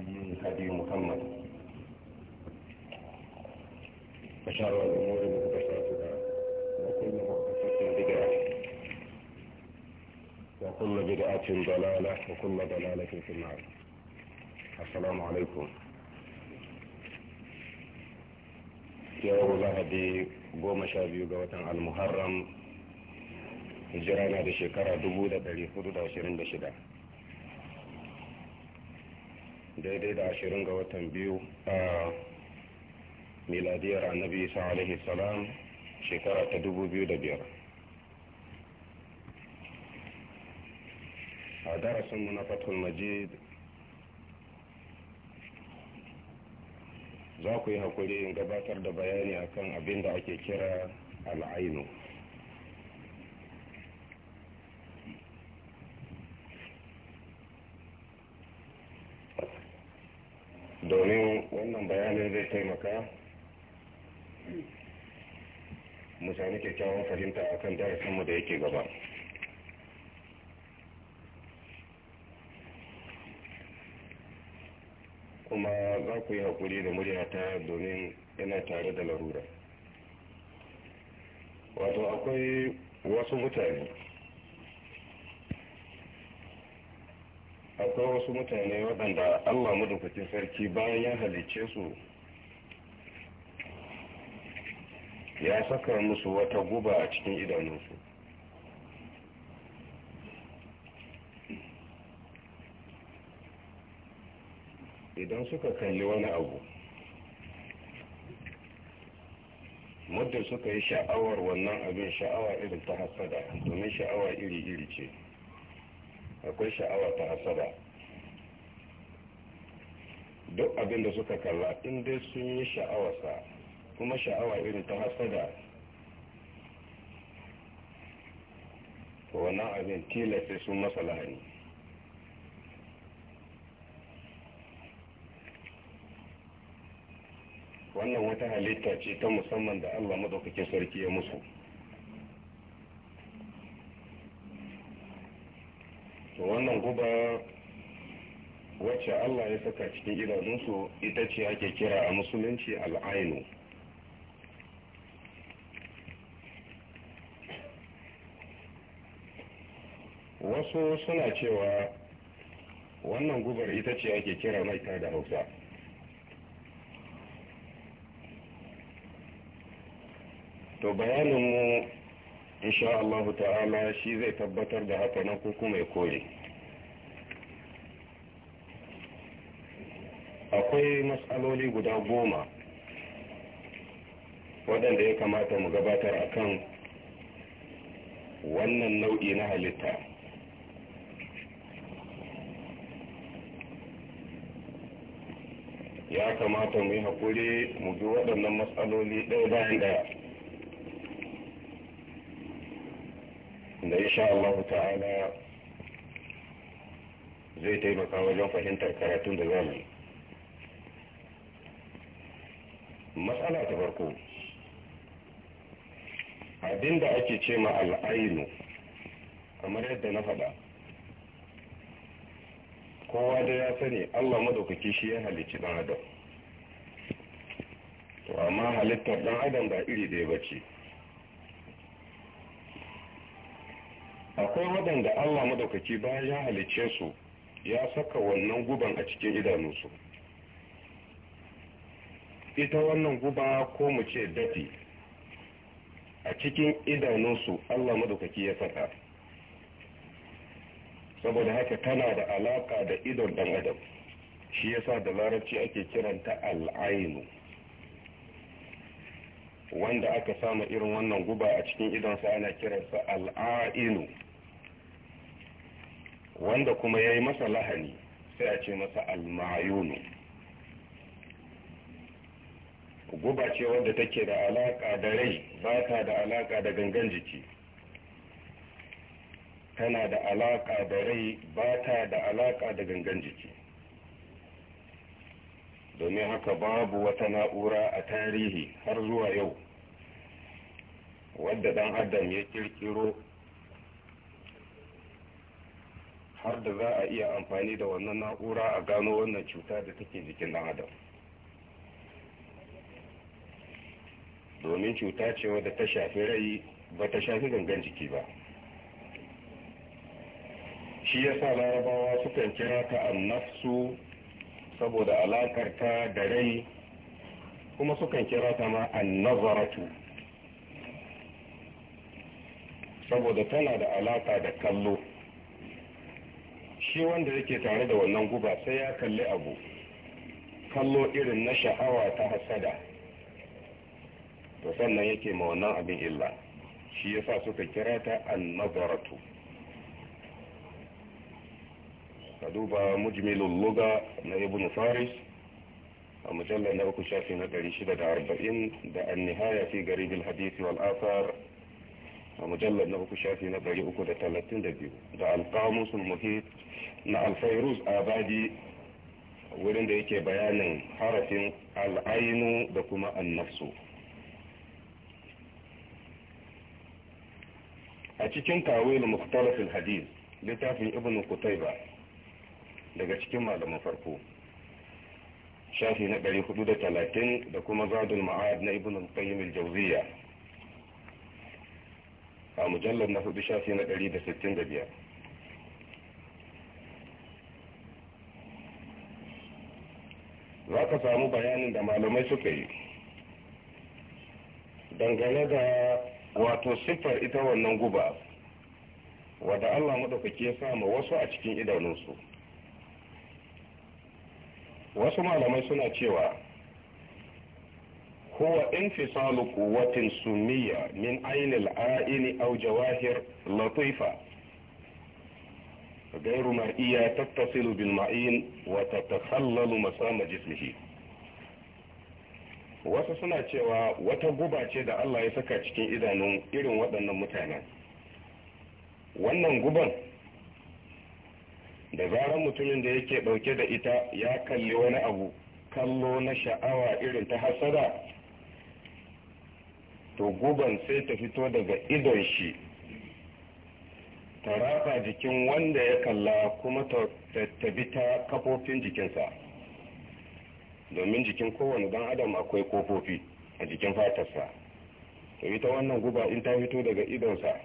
الهدي هدي محمد وشر الأمور محدثاتها وكل محدثة بدعة وكل بدعة ضلالة وكل ضلالة في النار السلام عليكم yau lahadi goma sha biyu ga watan almuharram hijira na da shekara 1426 daidai da ashirin ga watan biyu a miladiyar annabi isa alaihi salam shekara ta dubu biyu da biyar a darasinmu na fatul majid za ku yi haƙuri in gabatar da bayani akan abin da ake kira al'ainu domin wannan bayanin zai taimaka mu sami kyakkyawan fahimta a kan darasinmu da yake gaba kuma za ku yi haƙuri da muryata domin yana tare da larura wato akwai wasu mutane akwai wasu mutane waɗanda allah madaukakin sarki bayan ya halicce su ya saka musu wata guba a cikin idanunsu idan suka kalli wani abu muddin suka yi sha'awar wannan abin sha'awa irin ta hasada domin sha'awa iri-iri ce akwai sha'awa ta hasada duk abinda suka kalla in dai sun yi sha'awarsa kuma sha'awa irin ta hasada wannan abin tilasta sun masa lahani wannan wata halitta ce ta musamman da allah maɗaukakin sarki ya musu to wannan guba wacce Allah ya saka cikin idanunsu ita ce ake kira a musulunci al'ainu wasu suna cewa wannan gubar ita ce ake kira maita da hausa to bayaninmu insha Allah ta'ala shi zai tabbatar da haka nan ko kuma kore akwai matsaloli guda goma waɗanda ya kamata mu gabatar a kan wannan nau'i na halitta ya kamata mu yi haƙuri mu bi waɗannan matsaloli ɗaya bayan ɗaya da insha Allah ta'ala zai taimaka wajen fahimtar karatun da zamani matsala ta farko abinda ake ce ma al'ainu kamar yadda na faɗa kowa da ya sani Allah madaukaki shi ya halicci ɗan adam to amma halittar ɗan adam ba iri ɗaya ba ce akwai waɗanda Allah madaukaki bayan ya halicce su ya saka wannan guban a cikin idanunsu ita wannan guba ko mu ce dafi a cikin idanunsu Allah madaukaki ya saka saboda haka tana da alaka da idon dan adam shi yasa da larabci ake kiranta al'ainu wanda aka samu irin wannan guba a cikin idonsa ana kiransa al'ainu wanda kuma ya yi masa lahani sai a ce masa almayunu guba ce wadda take da alaka da rai ba ta da alaka da gangan jiki tana da alaka da rai ba ta da alaka da gangan jiki domin haka babu wata na'ura a tarihi har zuwa yau wadda dan adam ya kirkiro har da za a iya amfani da wannan na'ura a gano wannan cuta da take jikin dan adam domin cuta ce wadda ta shafi rai ba ta shafi gangan jiki ba shi ya sa larabawa sukan kira ta annafsu saboda alakar ta da rai kuma sukan kira ta ma annazaratu saboda tana da alaka da kallo shi wanda yake tare da wannan guba sai ya kalli abu kallo irin na sha'awa ta hasada to sannan yake ma wannan abin illa shi ya sa suka kira ta annazaratu ka duba mujmilul luga na ibn faris a mujallar na uku shafi na shida da arba'in da annihaya fi garibil hadisi wal asar a mujallar na uku shafi na uku da talatin da da biyu alqamusul muhit na alfairuz abadi wurin da yake bayanin harafin al'ainu da kuma annafsu a cikin tawil muktalafin hadith littafin ibn kutaiba daga cikin malamin farko shafi na 430 da kuma zadul ma'ad na ibn qayyim al-jawziya a mujallar na hudu shafi na 165 za ka samu bayanin da malamai suka yi dangane da wato siffar ita wannan guba wadda allah maɗaukaki ya sama wasu a cikin idanunsu wasu malamai suna cewa huwa infisalu quwwatin sumiyya min ainil a'ini aw jawahir latifa غير مرئية تتصل بالمعين وتتخلل مسام جسمه wasu suna cewa wata guba ce da Allah ya saka cikin idanun irin waɗannan mutanen wannan guban da zarar mutumin da yake ɗauke da ita ya kalli wani abu kallo na sha'awa irin ta hasada to guban sai ta fito daga idon shi ta rafa jikin wanda ya kalla kuma ta bita ta kafofin jikinsa domin jikin kowane dan adam akwai kofofi a jikin fatarsa yi ita wannan guba in ta fito daga idonsa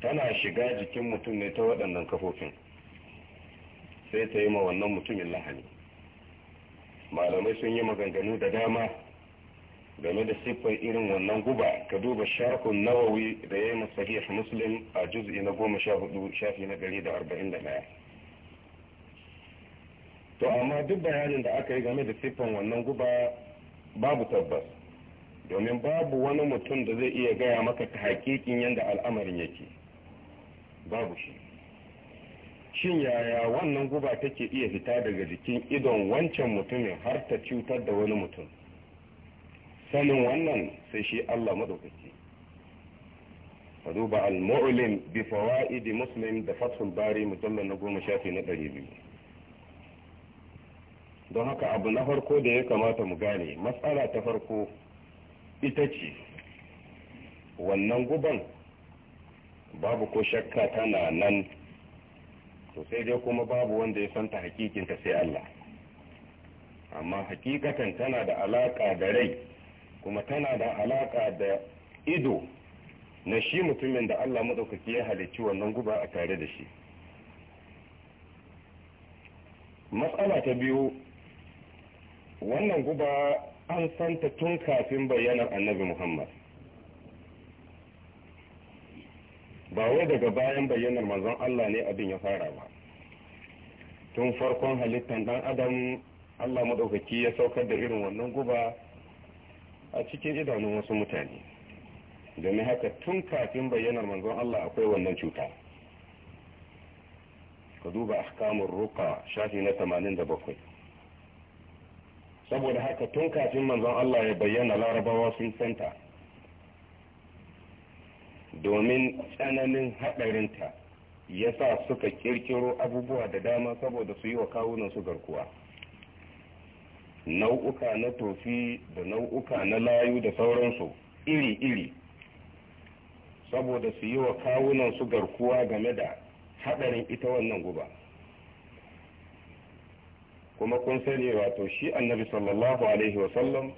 tana shiga jikin mutum ne ta waɗannan kafofin sai ta yi ma wannan mutumin lahani malamai sun yi maganganu da dama game da siffar irin wannan guba ka duba sharhun nawawi da ya yi sahih muslim a juz'i na goma sha hudu shafi na gari da arba'in da daya to amma duk bayanin da aka yi game da siffan wannan guba babu tabbas domin babu wani mutum da zai iya gaya maka ta hakikin yadda al'amarin yake babu shi shin yaya wannan guba take iya fita daga jikin idon wancan mutumin har ta cutar da wani mutum sanin wannan sai shi Allah madaukaki ka duba al-mu'lim bi fawaid muslim da fathul bari mujallal na goma shafi na ɗari biyu don haka abu na farko da ya kamata mu gane matsala ta farko ita ce wannan guban babu ko shakka tana nan to sai dai kuma babu wanda ya santa hakikinta sai Allah amma hakikatan tana da alaka da rai kuma tana da alaka da ido na shi mutumin da Allah maɗaukaki ya halicci wannan guba a tare da shi matsala ta biyu wannan guba an santa tun kafin bayanan annabi muhammad ba wai daga bayan bayyanar manzon Allah ne abin ya fara ba tun farkon halittan dan adam Allah maɗaukaki ya saukar da irin wannan guba a cikin idanun wasu mutane domin haka tun kafin bayyanar manzon Allah akwai wannan cuta ka duba kamun ruka shafi na 87 saboda haka tun kafin manzon Allah ya bayyana larabawa sun santa domin tsananin haɗarinta ya sa suka kirkiro abubuwa da dama saboda su yi wa kawunan su garkuwa nau'uka na tofi da nau'uka na layu da sauransu iri-iri saboda su yi wa kawunan su garkuwa game da haɗarin ita wannan guba kuma kun sani wato shi annabi sallallahu alaihi wasallam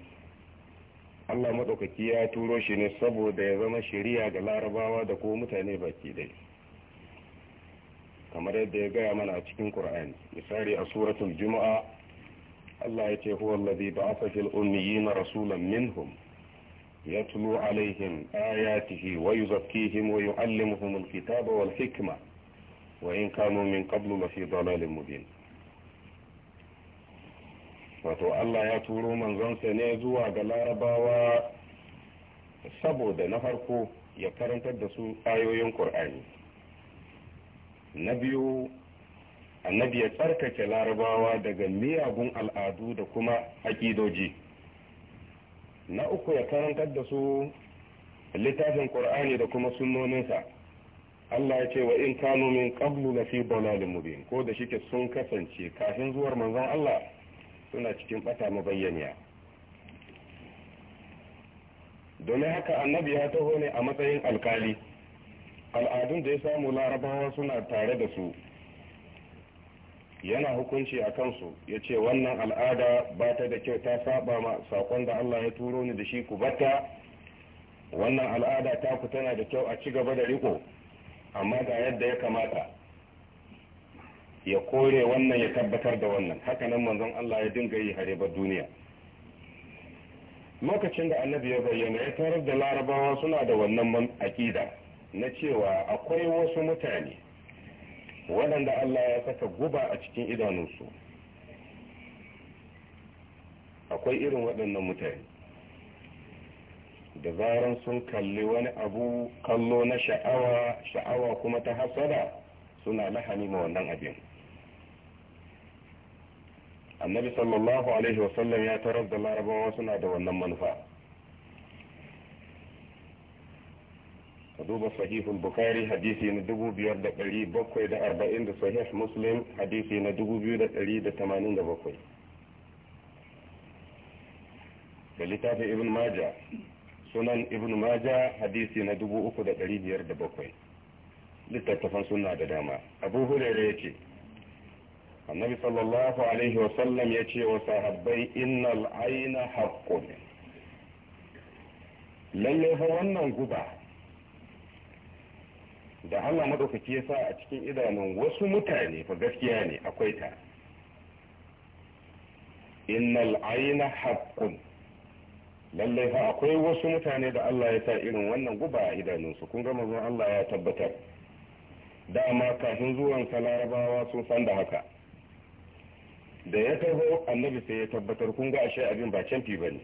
allah maɗaukaki ya turo shi ne saboda ya zama shari'a ga larabawa da ko mutane baki dai kamar yadda ya gaya mana a cikin ƙur'ani misali a suratul juma'a Allah ya ce huwa alladhi ba'atha fil ummiyina rasulan minhum yatlu alaihim ayatihi wa yuzakkihim wa yuallimuhum alkitaba wal hikma wa in kanu min qablu lafi dalalin mubin wato Allah ya turo manzon sa ne zuwa ga larabawa saboda na farko ya karantar da su ayoyin ƙur'ani na biyu annabi ya tsarkake larabawa daga miyagun al'adu da kuma aƙidoji na uku ya karantar da su littafin ƙur'ani da kuma sunnoninsa Allah ya ce wa in kanu min qablu fi dalalin mubin ko da shike sun kasance kafin zuwar manzon Allah suna cikin bata mabayyaniya domin haka annabi ya taho ne a matsayin alkali al'adun da ya samu larabawa suna tare da su yana hukunci a kansu ya ce wannan al'ada ba ta da kyau ta saba ma sakon da Allah ya turo ni da shi ku bata wannan al'ada ta ku tana da kyau a ci gaba da riko amma ga yadda ya kamata ya kore wannan ya tabbatar da wannan hakanan manzon Allah ya dinga yi ba duniya lokacin da annabi ya bayyana ya tarar da larabawa suna da wannan aƙida na cewa akwai wasu mutane waɗanda Allah ya saka guba a cikin idanunsu akwai irin waɗannan mutane da zaran sun kalli wani abu kallo na sha'awa sha'awa kuma ta hasada suna lahani ma wannan abin annabi sallallahu alaihi wasallam ya tarar da larabawa suna da wannan manufa duba sahihul bukari hadisi na dubu biyar da ɗari bakwai da arba'in da sahih muslim hadisi na dubu biyu da ɗari da tamanin da bakwai da littafin ibn maja sunan ibn maja hadisi na dubu uku da ɗari biyar da bakwai littattafan suna da dama abu hurere ya ce annabi sallallahu alaihi wasallam ya ce wa sahabbai innal aina haqqun lalle fa wannan guba da Allah madaukaki ya sa a cikin idanun wasu mutane fa gaskiya ne akwai ta innal aina haqqun lallai fa akwai wasu mutane da Allah ya sa irin wannan guba a idanunsu kun ga manzon Allah ya tabbatar dama kafin zuwan sa larabawa sun san da haka da ya taho annabi sai ya tabbatar kun ga ashe abin ba canfi bane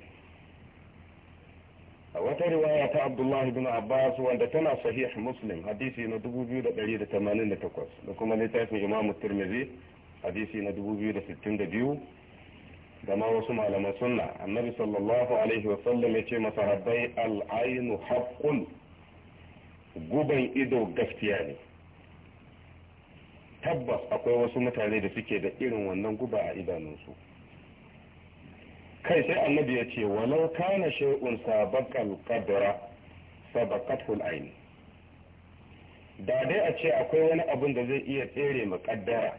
wata riwaya ta abdullahi bin abbas wanda tana sahih muslim hadisi na 2188 da kuma littafin imamu tirmidhi hadisi na 2062 da ma wasu malaman sunna annabi sallallahu alaihi wa sallam ya ce masahabbai al'ainu haƙƙun guban ido gaskiya ne tabbas akwai wasu mutane da suke da irin wannan guba a idanunsu kai sai annabi ya ce walau kana shay'un sabaqal qadra al ayn da dai a ce akwai wani abun da zai iya tsere ma kaddara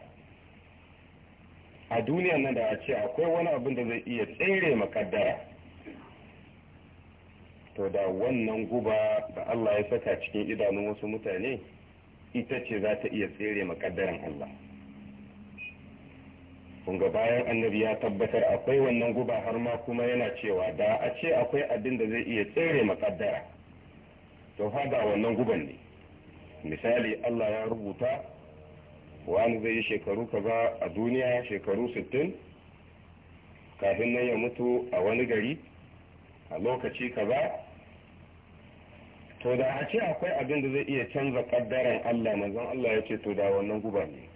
a duniyan nan da a ce akwai wani abun da zai iya tsere ma kaddara to da wannan guba da Allah ya saka cikin idanun wasu mutane ita ce za ta iya tsere ma kaddaran Allah kunga ga bayan annabi ya tabbatar akwai wannan guba har ma kuma yana cewa da a ce akwai abin da zai iya tsere makaddara to ga wannan guban ne misali Allah ya rubuta wani zai yi shekaru kaza a duniya shekaru 60 kafin nan ya mutu a wani gari a lokaci kaza to da a ce akwai abin da zai iya canza kaddaran Allah manzon Allah ya ce to da wannan guba ne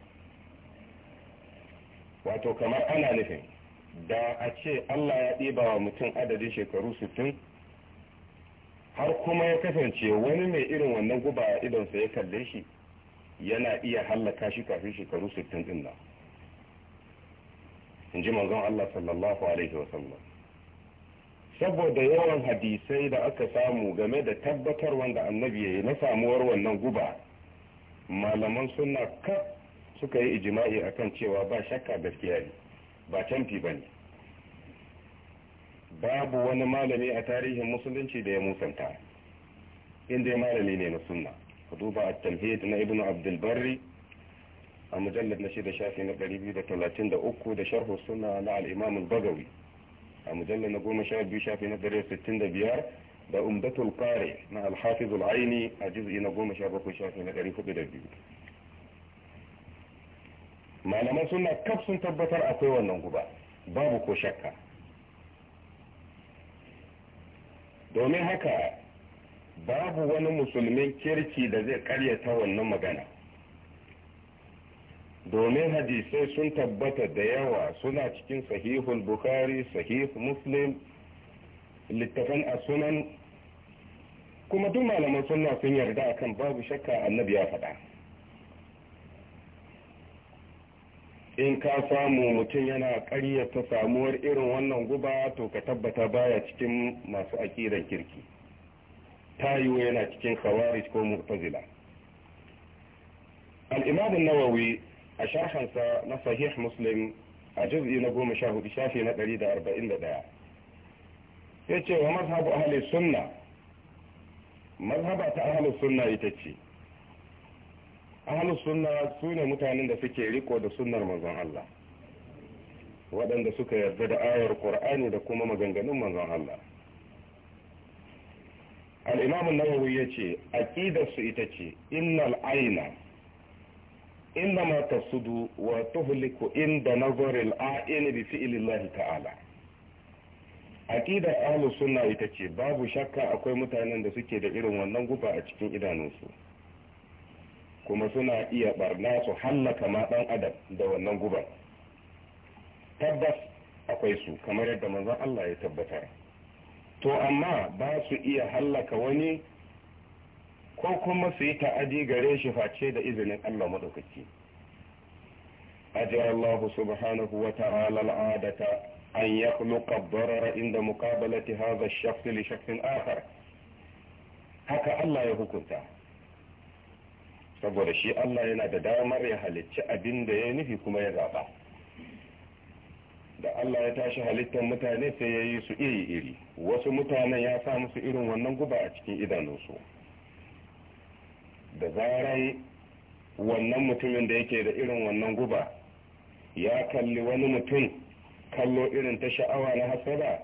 wato kamar ana nufin da a ce Allah ya ɗiba wa mutum adadin shekaru sittin har kuma ya kasance wani mai irin wannan guba a idonsa ya kalle shi yana iya hallaka shi kafin shekaru sittin din nan in ji manzon Allah sallallahu alaihi wasallam saboda yawan hadisai da aka samu game da tabbatar wanda annabi ya yi na samuwar wannan guba malaman suna kaf suka yi ijima'i a kan cewa ba shakka gaskiya ne ba canfi ba ne babu wani malami a tarihin musulunci da ya musanta inda ya malami ne na sunna ka duba a tamhid na ibn abdulbarri a mujallar na shida shafi na ɗari biyu da talatin da da uku sharhu suna na al'imam bagawi a mujallar na goma sha biyu shafi na ɗari sittin da biyar umdatul kare na alhafizul aini a jiz'i na goma sha bakwai shafi na ɗari da biyu. malaman suna kaf sun tabbatar akwai wannan guba babu ko shakka domin haka babu wani musulmin kirki da zai karyata wannan magana domin hadisai sun tabbata da yawa suna cikin sahihul bukari sahih muslim littafan asunan kuma duk malaman suna sun yarda akan babu shakka annabi ya faɗa in ka samu mutum yana ta samuwar irin wannan guba to ka tabbata baya cikin masu aƙidan kirki yiwu yana cikin khawarij ko mu'tazila al-imam nawawi a sharhansa na sahih muslim a juz'i na goma sha hudu shafi na ɗari da arba'in da ɗaya ya ce wa mazhabu ahli sunna mazhaba ta ahli sunna ita ce ahlus sunna su ne mutanen da suke riko da sunnar manzon Allah waɗanda suka yarda da ayar qur'ani da kuma maganganun manzon Allah al-imam an-nawawi yace aqidar su ita ce innal aina ma tasudu wa tuhliku inda nazar al-a'in bi fi'li Allah ta'ala aqidar ahlus sunna ita ce babu shakka akwai mutanen da suke da irin wannan guba a cikin idanunsu kuma suna iya barna su hallaka ma dan adam da wannan guban tabbas akwai su kamar yadda manzon Allah ya tabbatar to amma ba su iya hallaka wani ko kuma su yi ta'adi gare shi face da izinin Allah madaukaki أجر الله سبحانه وتعالى العادة أن يخلق الضرر عند مقابلة هذا shafin akar Haka Allah ya hukunta. saboda shi Allah yana da damar ya halicci abin da ya nufi kuma ya zaba da Allah ya tashi halittar mutane sai ya yi su iri-iri wasu mutanen ya sa musu irin wannan guba a cikin idanunsu da zaran wannan mutumin da yake da irin wannan guba ya kalli wani mutum kallo irin ta sha'awa na hasada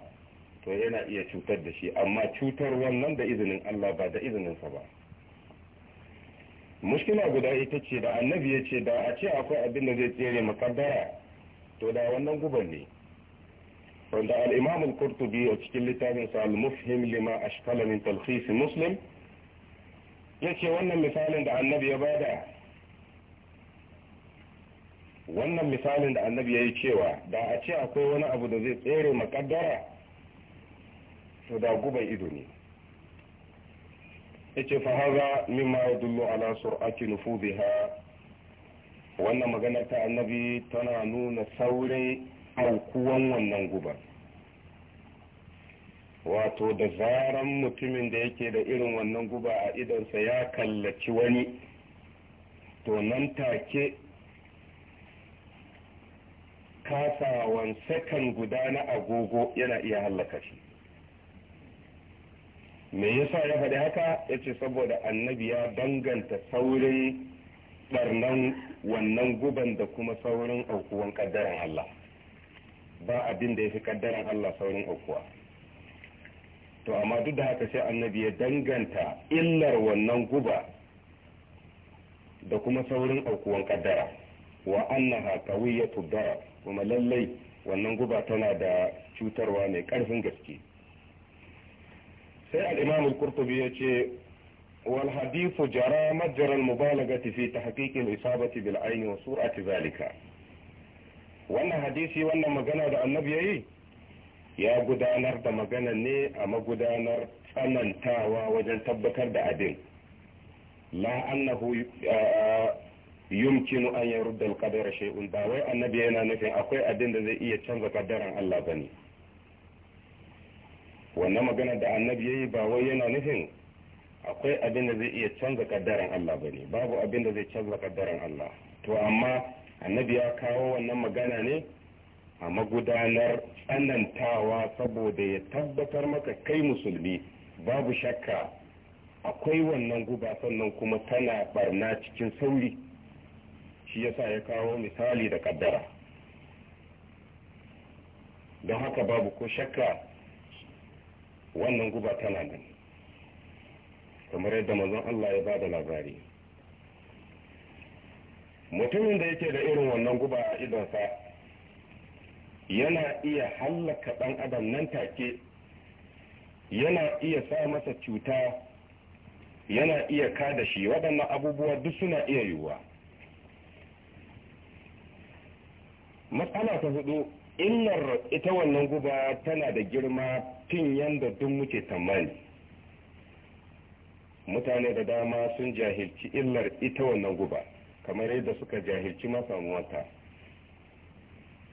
to yana iya cutar da shi amma cutar wannan da izinin Allah ba da izininsa ba mushkila guda ita ce da annabi ya ce da a ce akwai abin da zai tsere makaddara to da wannan guban ne wanda al-imam al-qurtubi a cikin littafin sa al-mufhim lima ashkala min talkhis muslim yace wannan misalin da annabi ya bada wannan misalin da annabi ya yi cewa da a ce akwai wani abu da zai tsere makaddara to da guban ido ne yace fa haza mimma yadullu ala sur'ati nufuziha wannan maganar ta annabi tana nuna saurin aukuwan wannan guba wato da zaran mutumin da yake da irin wannan guba a idonsa ya kallaci wani to nan take kasawan sakan guda na agogo yana iya hallaka shi me yasa ya faɗi haka ya ce saboda annabi ya danganta saurin ɓarnan wannan guban da kuma saurin aukuwan ƙaddaran Allah ba abin da ya fi ƙaddaran Allah saurin aukuwa to amma duk da haka sai annabi ya danganta illar wannan guba da kuma saurin aukuwan ƙaddara wa annaha ya tubbara kuma lallai wannan guba tana da cutarwa mai ƙarfin gaske sai al-imam al-qurtubi yace wal hadithu jara majra al-mubalaghati fi tahqiq al-isabati bil ayn wa sur'ati zalika wannan hadisi wannan magana da annabi yayi ya gudanar da magana ne a magudanar tsanantawa wajen tabbatar da abin la annahu yumkinu an yarudda al-qadara shay'un ba wai annabi yana nufin akwai abin da zai iya canza kaddaran Allah bane wannan magana da annabi yayi ba wai yana nufin akwai abin da zai iya canza kaddaran Allah ba ne babu abin da zai canza kaddaran Allah to amma annabi ya kawo wannan magana ne a magudanar tsanantawa saboda ya tabbatar maka kai musulmi babu shakka akwai wannan guba sannan kuma tana barna cikin sauri shi yasa ya kawo misali da kaddara don haka babu ko shakka wannan guba tana nan kamar yadda manzon Allah ya bada labari mutumin da yake da irin wannan guba a idonsa yana iya hallaka ɗan adam nan take yana iya sa masa cuta yana iya ka da shi waɗannan abubuwa duk suna iya yiwuwa matsala ta hudu illar ita wannan guba tana da girma fin yadda duk muke tamani mutane da dama sun jahilci illar ita wannan guba kamar yadda suka jahilci masa wata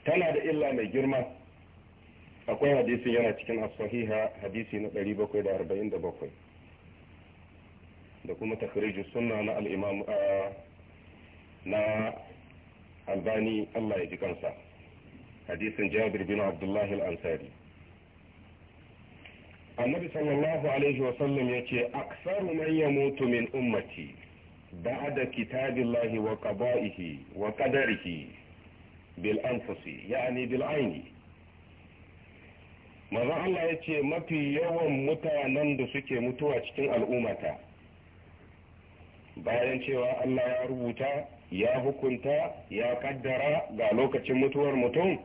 tana da illa mai girma akwai hadisi yana cikin as-sahiha hadisi na 747 da kuma takhrij suna na al-imam ah, na albani Allah ya ji kansa hadisin jabir bin abdullahi al-ansari annabi sallallahu alaihi wasallam ya ce aksaru man yamutu min ummati ba'da kitabillahi wa qada'ihi wa qadarihi bil anfusi yani bil aini manzo Allah yace mafi yawan mutanen da suke mutuwa cikin al'ummata bayan cewa Allah ya rubuta ya hukunta ya ƙaddara ga lokacin mutuwar mutum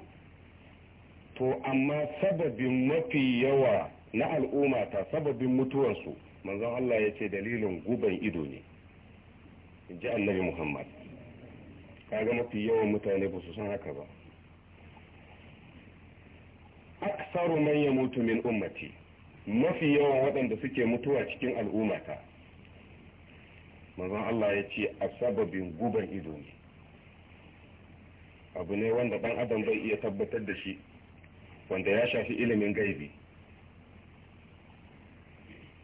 to amma sababin mafi yawa na al'umma ta sababin mutuwarsu manzon Allah ya ce dalilin guban ido ne in ji annabi Muhammad kaga mafi yawan mutane ba su san haka ba aksaru man ya mutu min ummati mafi yawan waɗanda suke mutuwa cikin al'ummata manzon Allah ya ce a sababin guban ido ne abu ne wanda ɗan adam zai iya tabbatar da shi wanda ya shafi ilimin gaibi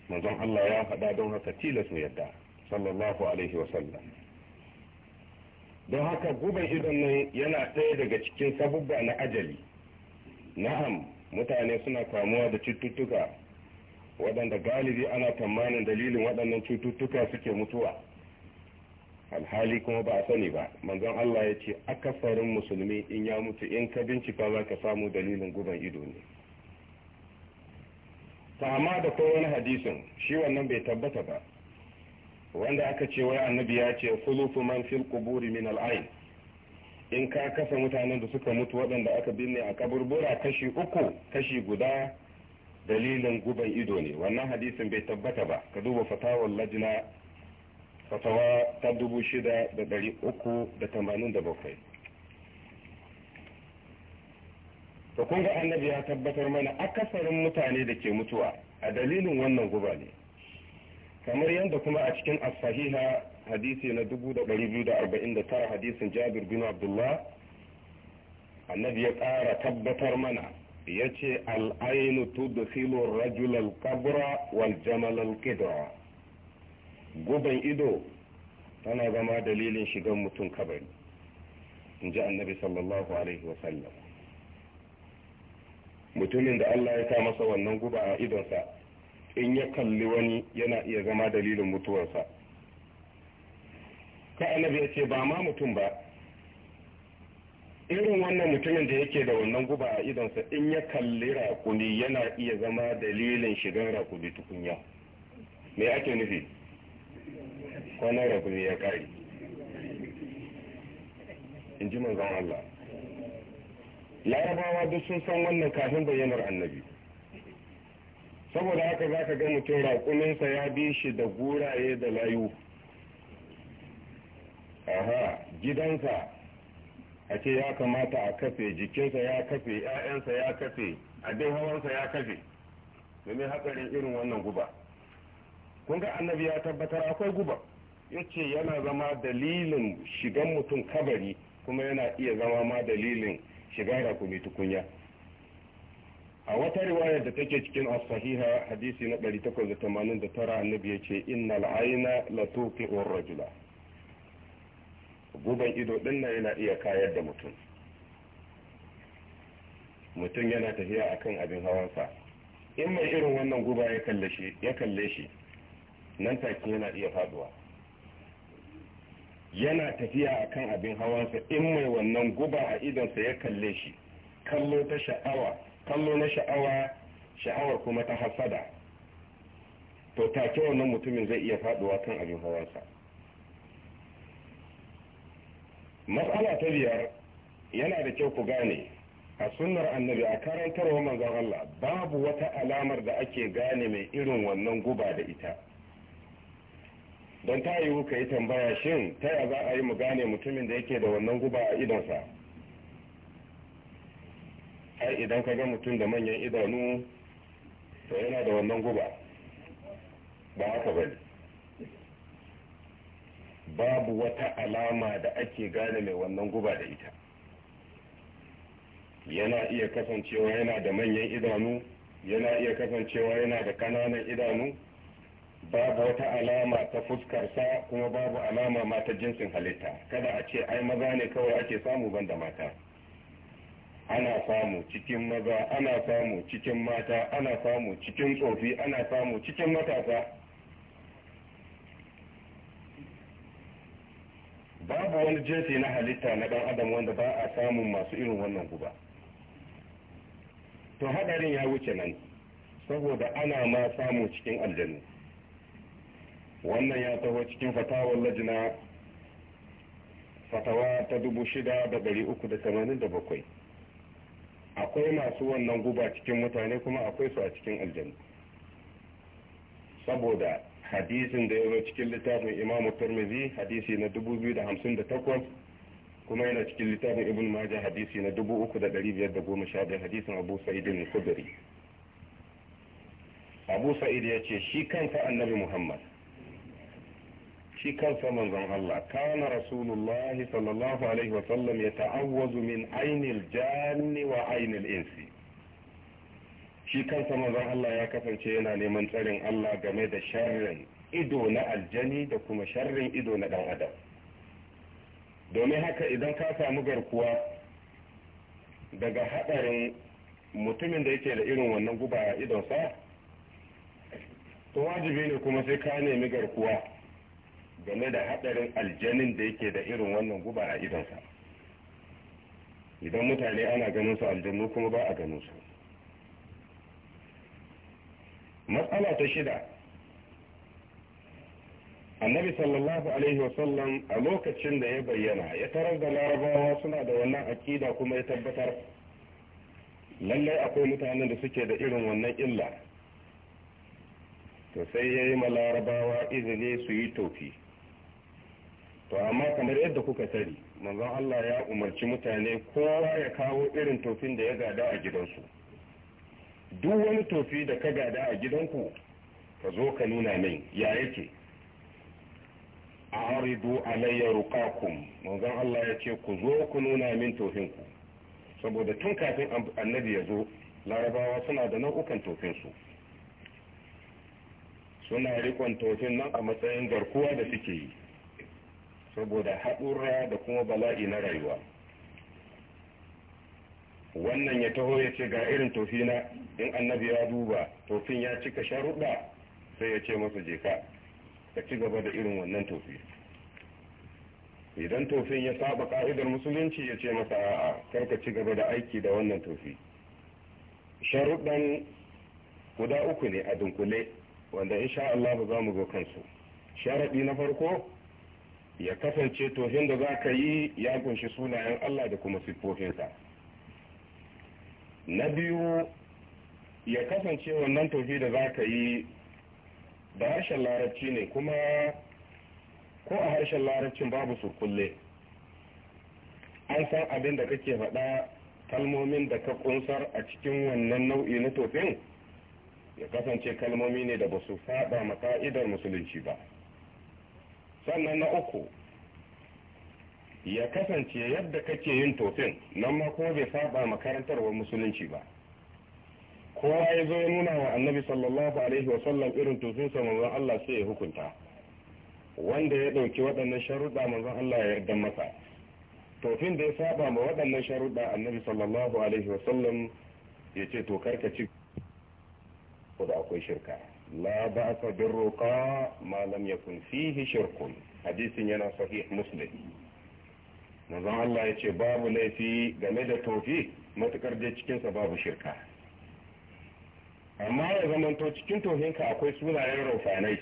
manzon Allah ya faɗa don haka tilas mu yadda sallallahu alaihi wasallam don haka guban idon nan yana ɗaya daga cikin sabubba na ajali na'am mutane suna kamuwa da cututtuka waɗanda galibi ana tamanin dalilin waɗannan cututtuka suke mutuwa alhali kuma ba a sani ba manzon Allah ya ce akasarin musulmi in ya mutu in ka bincika za ka samu dalilin guban ido ne amma da kai wani hadisin shi wannan bai tabbata ba wanda aka ce wai annabi ya ce kulufu man fil quburi min al in ka kasa mutanen da suka mutu waɗanda aka binne a kaburbura kashi uku kashi guda dalilin guban ido ne wannan hadisin bai tabbata ba ka duba fatawar lajna fatawa ta dubu shida da dari uku da tamanin da bakwai to annabi ya tabbatar mana akasarin mutane da ke mutuwa a dalilin wannan guba ne kamar yadda kuma a cikin asahiha hadisi na dubu da dari biyu da arba'in da tara hadisin jabir bin abdullah annabi ya ƙara tabbatar mana ya ce al'ainu tudkhilu rajulal kabra wal jamalal kidra guban ido tana zama dalilin shigan mutum kabari in ji annabi sallallahu alaihi wasallam mutumin da Allah ya ta masa wannan guba a idonsa in ya kalli wani yana iya zama dalilin mutuwarsa ka annabi ya ce ba ma mutum ba irin wannan mutumin da yake da wannan guba a idonsa in ya kalli rakuni yana iya zama dalilin shigan rakuni tukunya me ake nufi kwanan rabu ne ya kare in ji manzan Allah larabawa duk sun san wannan kafin bayyanar annabi saboda haka za ka ga mutum raƙuminsa ya bi shi da guraye da layu aha gidansa a ce ya kamata a kafe jikinsa ya kafe 'ya'yansa ya kafe abin hawansa ya kafe domin hatsarin irin wannan guba kun ga annabi ya tabbatar akwai guba yace yana zama dalilin shigan mutum kabari kuma yana iya zama ma dalilin shiga da kuma tukunya a wata riwayar da take cikin as-sahiha hadisi na 889 annabi yace innal ayna la tuqi'u ar-rajula guban ido din nan yana iya kayar da mutum mutum yana tafiya akan abin hawansa in mai irin wannan guba ya kalle shi ya kalle shi nan take yana iya faduwa yana tafiya a kan abin hawansa in mai wannan guba a idonsa ya kalle shi kallo ta sha'awa kallo na sha'awa sha'awar kuma ta hasada to take wannan mutumin zai iya faduwa kan abin hawansa matsala ta biyar yana da kyau ku gane a sunnar annabi a karantarwa manzon Allah babu wata alamar da ake gane mai irin wannan guba da ita don ta yiwu ka yi tambaya shin ta yi za a yi mu gane mutumin da yake da wannan guba a idonsa ai idan ka ga mutum da manyan idanu to yana da wannan guba ba haka ba ne babu wata alama da ake gane mai wannan guba da ita yana iya kasancewa yana da manyan idanu yana iya kasancewa yana da kananan idanu babu wata alama ta fuskarsa kuma babu alama mata jinsin halitta kada a ce ai maza ne kawai ake samu banda mata ana samu cikin maza ana samu cikin mata ana samu cikin tsofi ana samu cikin matasa babu wani jinsi na halitta na dan adam wanda ba a samun masu irin wannan guba to hadarin ya wuce nan saboda ana ma samu cikin aljanu wannan ya taho cikin fatawar lajina fatawa ta dubu shida da dari uku da tamanin da bakwai akwai masu wannan guba cikin mutane kuma akwai su a cikin aljanu saboda hadisin da ya zo cikin littafin imamu turmizi hadisi na dubu biyu da hamsin da takwas kuma yana cikin littafin ibn majah hadisi na dubu uku da dari biyar da goma sha biyar hadisin abu sa'idin kudari abu sa'id ya ce shi kanka annabi muhammad shi kansa manzon Allah kana rasulullahi sallallahu alaihi wa sallam ya ta'awwazu min ainil janni wa ainil insi shi kansa manzon Allah ya kasance yana neman tsarin Allah game da sharrin ido na aljani da kuma sharrin ido na dan adam domin haka idan ka samu garkuwa daga hadarin mutumin da yake da irin wannan guba a idonsa to wajibi ne kuma sai ka nemi garkuwa game da hadarin aljanin da yake da irin wannan guba a idansa idan mutane ana ganin su aljannu kuma ba a ganin su matsala ta shida annabi sallallahu alaihi wasallam a lokacin da ya bayyana ya tarar da larabawa suna da wannan akida kuma ya tabbatar lallai akwai mutanen da suke da irin wannan illa to sai ya yi ma larabawa izini su yi tofi to amma kamar yadda kuka sani manzon Allah ya umarci mutane kowa ya kawo irin tofin da ya gada a gidansu duk wani tofi da ka gada a gidanku ka zo ka nuna min ya yake aridu alayya ruqakum manzon Allah ya ce ku zo ku nuna min tofin ku saboda tun kafin annabi ya zo larabawa suna da nau'ukan tofin su suna rikon tofin nan a matsayin garkuwa da suke yi saboda haɗura da kuma bala'i na rayuwa wannan ya taho ya ce ga irin tofina in annabi ya duba tofin ya cika sharuɗa sai ya ce masa je ka ci gaba da irin wannan tofi idan tofin ya saba ƙa'idar musulunci ya ce masa a'a kar ka ci gaba da aiki da wannan tofi sharuɗan guda uku ne a dunkule wanda insha Allah za mu zo kansu sharaɗi na farko ya kasance tohin da za ka yi ya kunshi sunayen Allah da kuma siffofinsa na biyu ya kasance wannan tofi da za ka yi da harshen larabci ne kuma ko a harshen larabcin babu su kulle an san abin da kake faɗa kalmomin da ka kunsar a cikin wannan nau'i na tofin ya kasance kalmomi ne da ba su faɗa maka'idar musulunci ba sannan na uku ya kasance yadda kake yin tofin nan ma kuma bai saba makarantarwar musulunci ba kowa ya zo ya nuna wa annabi sallallahu alaihi wa sallam irin tofin sa manzon Allah sai ya hukunta wanda ya dauki waɗannan sharuɗa manzon Allah ya yarda masa tofin da ya saba ma waɗannan sharuɗa annabi sallallahu alaihi wa sallam ya ce to karka ci ko da akwai shirka la Asabin birruqa malam lam yakun fihi shirkun hadisin yana sahih muslim manzon Allah ya ce babu laifi game da tofi matukar dai cikinsa babu shirka amma ya zamanto cikin tofinka akwai sunayen rufanai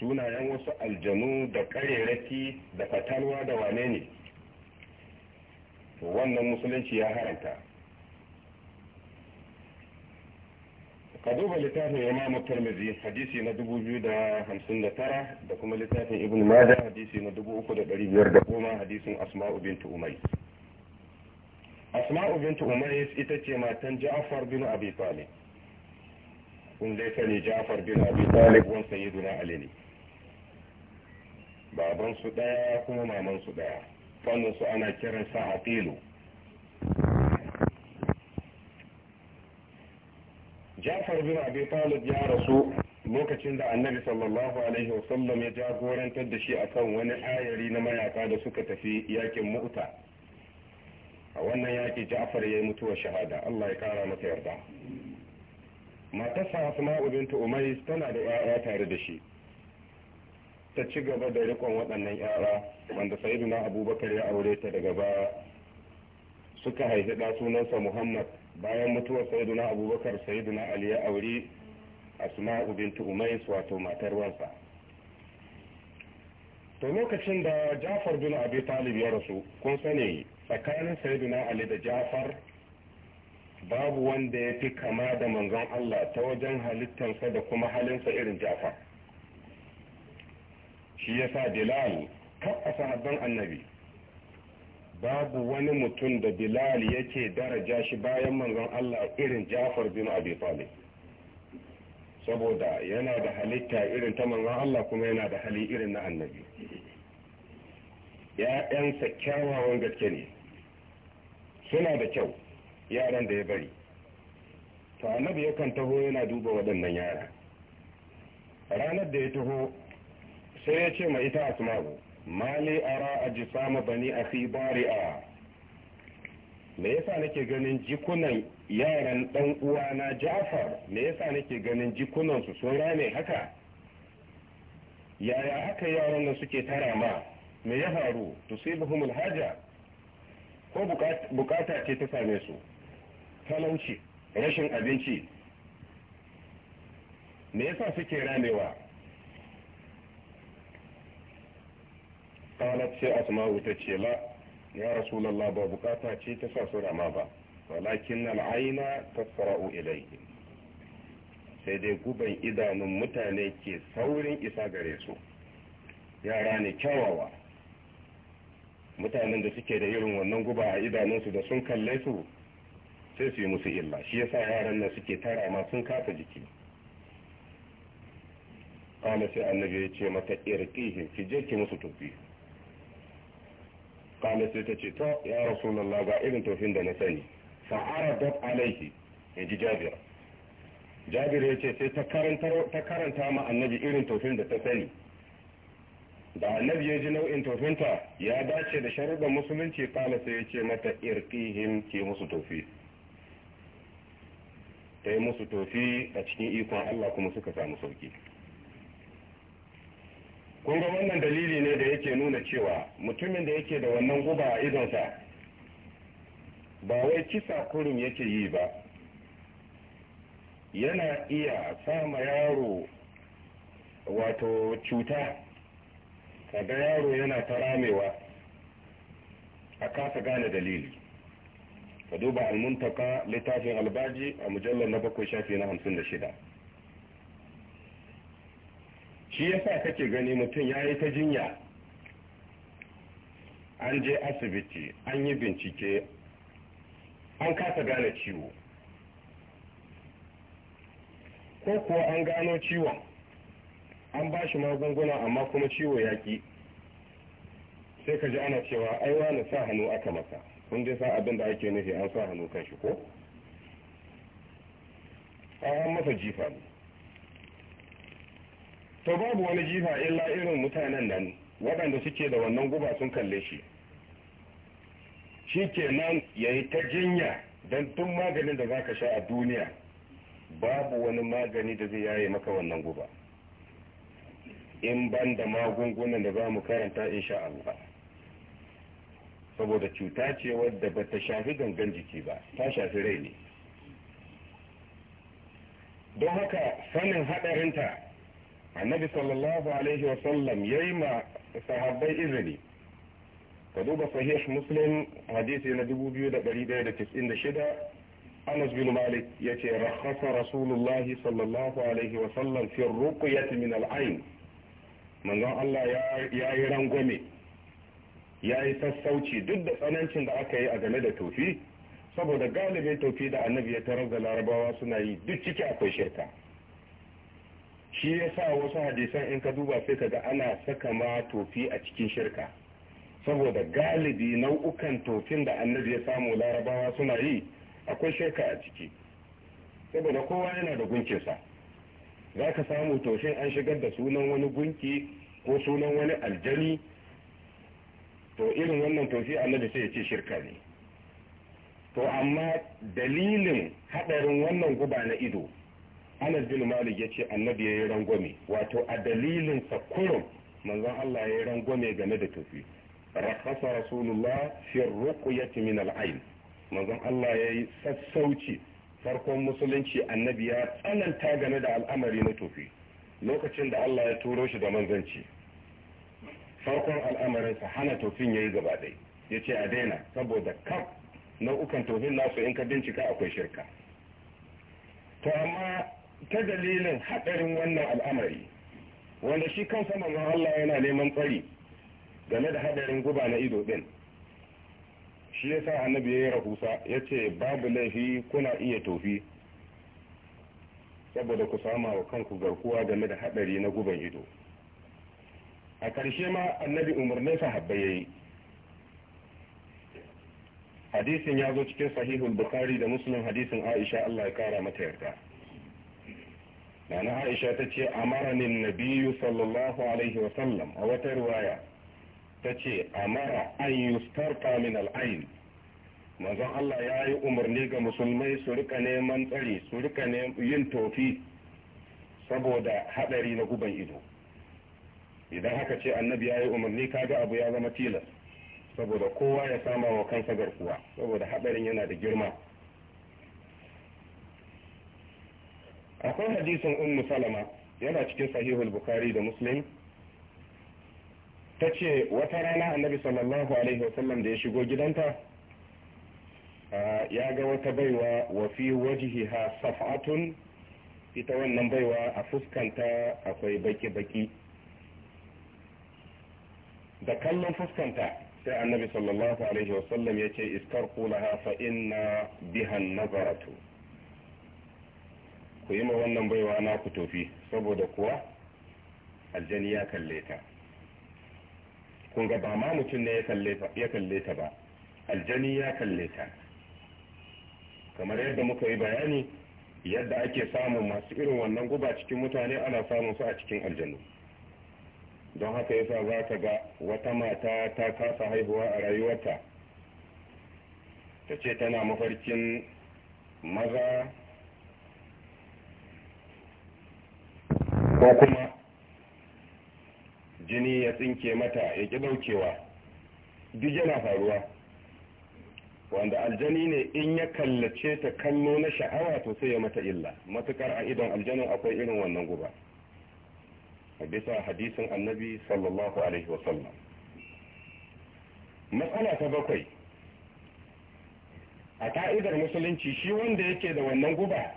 sunayen wasu aljanu da kareraki da fatalwa da wane ne wannan musulunci ya haramta. ka littafin imam tarmizi hadisi na dubu biyu da hamsin da tara da kuma littafin ibn maja hadisi na dubu uku da ɗari biyar da goma hadisin asma'u bintu umai asma'u bintu umai ita ce matan ja'far bin abi talib kun dai sani ja'far bin abi talib wan sayyiduna kuma Mamansu ɗaya, daya ana kiransa Jafar bin Abi Talib ya rasu lokacin da Annabi sallallahu alaihi wasallam ya jagorantar da shi akan wani ayari na mayaka da suka tafi yakin Mu'ta. A wannan yaki Jafar ya yi mutuwa shahada, Allah ya kara masa yarda. Matarsa Asma'u bintu Umayyis tana da 'ya'ya tare da shi. ta ci gaba da rikon waɗannan yara wanda sayyiduna abubakar ya aure ta daga ba suka haifi ɗa sunansa muhammad bayan mutuwar sayyiduna abubakar sayyiduna ali ya auri asma'u bintu umais wato matar wansa to lokacin da jafar bin abi talib ya rasu kun sani tsakanin sayyiduna ali da jafar babu wanda ya fi kama da manzon allah ta wajen halittansa da kuma halinsa irin jafar shi yasa bilal kaf a sahabban annabi babu wani mutum da bilal yake daraja shi bayan manzon Allah irin jafar bin abi talib saboda yana da halitta irin ta manzon Allah kuma yana da hali irin na annabi ‘ya'yansa kyawawan gaske ne suna da kyau yaran da ya bari to annabi yakan taho yana duba waɗannan yara ranar da ya taho sai ya ce ma ita asma'u ma li ara ajsama bani bari bari'a me yasa nake ganin jikunan yaran dan na Ja'far me yasa nake ganin jikunan su sun rame haka yaya haka yaran nan suke tara ma me ya faru tusibuhumul haja ko bukata ce ta same su talauci rashin abinci me yasa suke ramewa qalat sai asma'u ta ce la ya rasulullah ba bukata ce ta sa su rama ba walakin al'aina tasra'u ilayhi sai dai guban idanun mutane ke saurin isa gare su yara ne kyawawa mutanen da suke da irin wannan guba a idanunsu da sun kalle su sai su yi musu illa shi yasa yaran nan suke tara ma sun kafa jiki kama sai annabi ya ce mata irqihi ki je ki musu tofi kala sai ta ce to ya rasulullah ga irin tofin da na sani fa'aradat alaihi in ji jabir jabir ya ce sai ta karanta ma annabi irin tofin da ta sani da annabi ya ji nau'in ta ya dace da sharuɗan musulunci kala sai ya ce mata irqihim ke musu tofi ta musu tofi a cikin ikon Allah kuma suka samu sauki kun ga wannan dalili ne da yake nuna cewa mutumin da yake da wannan guba a idonsa ba wai kisa kurin yake yi ba yana iya sama yaro wato cuta kaga yaro yana ta ramewa a kasa gane dalili ka duba almuntaka littafin albaji a mujallar na bakwai shafi na hamsin da shida shi yasa kake gani mutum ya yi ta jinya an je asibiti an yi bincike an kasa gane ciwo ko kuwa an gano ciwon an ba shi magunguna amma kuma ciwo ya ki sai ka ji ana cewa aiwa na sa hannu aka masa kun dai sa abin da ake nufi an sa hannu kan shi ko an masa jifa ne to babu wani jifa illa irin mutanen nan waɗanda suke da wannan guba sun kalle shi shi kenan ya yi ta jinya don tun maganin da za ka sha a duniya babu wani magani da zai yaye maka wannan guba in ban da magungunan da za mu karanta insha Allah saboda cuta ce wadda ba ta shafi gangan jiki ba ta shafi rai ne don haka sanin haɗarinta annabi sallallahu alaihi wasallam ya yi ma sahabbai izini ka duba sahih muslim hadisi na 2196 anas bin malik ya ce rakhasa rasulullahi sallallahu alaihi wasallam fi ruqyati min al'ain manzon Allah ya yi rangwame ya yi sassauci duk da tsanancin da aka yi a game da tofi saboda galibin tofi da annabi ya tarar da larabawa suna yi duk ciki akwai shirka shi ya sa wasu hadisan in ka duba sai ka ga ana saka ma tofi a cikin shirka saboda galibi nau'ukan tofin da annabi ya samu larabawa suna yi akwai shirka a ciki saboda kowa yana da gunkinsa za ka samu toshin an shigar da sunan wani gunki ko sunan wani aljani to irin wannan tofi annabi sai ya ce shirka ne to amma dalilin haɗarin wannan guba na ido anas bin malik ya ce annabi ya yi rangwame wato a dalilin sa kurum manzon allah ya yi rangwame game da tafi rakasa rasulullah fi ruqyati min al-ayn manzon allah ya yi sassauci farkon musulunci annabi ya tsananta game da al'amari na tafi lokacin da allah ya turo shi da manzanci farkon al'amarinsa hana tofin ya yi gaba ɗai ya ce a daina saboda kaf nau'ukan tofin nasu in ka bincika akwai shirka to amma ta dalilin haɗarin wannan al'amari wanda shi kansa manzon Allah yana neman tsari game da haɗarin guba na ido ɗin shi ya sa annabi ya yi rahusa ya ce babu laifi kuna iya tofi saboda ku sama wa kanku garkuwa game da haɗari na guban ido a ƙarshe ma annabi umarnin sahabba ya yi hadisin ya zo cikin sahihul bukari da muslim hadisin aisha allah ya kara mata yarda nana aisha ta ce amaranin nabiyu sallallahu alaihi wasallam a wata riwaya ta ce amara an yustarqa min al'ain manzon Allah ya yi umarni ga musulmai su rika neman tsari su rika yin tofi saboda hadari na guban ido idan haka ce annabi ya yi umarni kaga abu ya zama tilas saboda kowa ya sama wa kansa garkuwa saboda hadarin yana da girma akwai hadisin ummu salama yana cikin sahihul bukhari da muslim ta ce wata rana annabi sallallahu alaihi wasallam da ya shigo gidanta ya ga wata baiwa wa fi ha saf'atun ita wannan baiwa a fuskanta akwai baki-baki da kallon fuskanta sai annabi sallallahu alaihi wasallam ya ce iskar kulaha fa inna bihan nazaratu ku yi ma wannan baiwa na ku tofi saboda kuwa aljani ya kalle ta kun ga ba ma mutum ne ya kalle ta ba aljani ya kalle ta kamar yadda muka yi bayani yadda ake samun masu irin wannan guba cikin mutane ana samun su a cikin aljanu don haka yasa za ka ga wata mata ta kasa haihuwa a rayuwarta ta ce tana mafarkin maza ko kuma jini ya tsinke mata ya ƙi ɗaukewa duk yana faruwa wanda aljani ne in ya kallace ta kallo na sha'awa to sai ya mata illa matukar a idon aljanin akwai irin wannan guba A bisa hadisin annabi sallallahu alaihi wasallam matsala ta bakwai a ka'idar musulunci shi wanda yake da wannan guba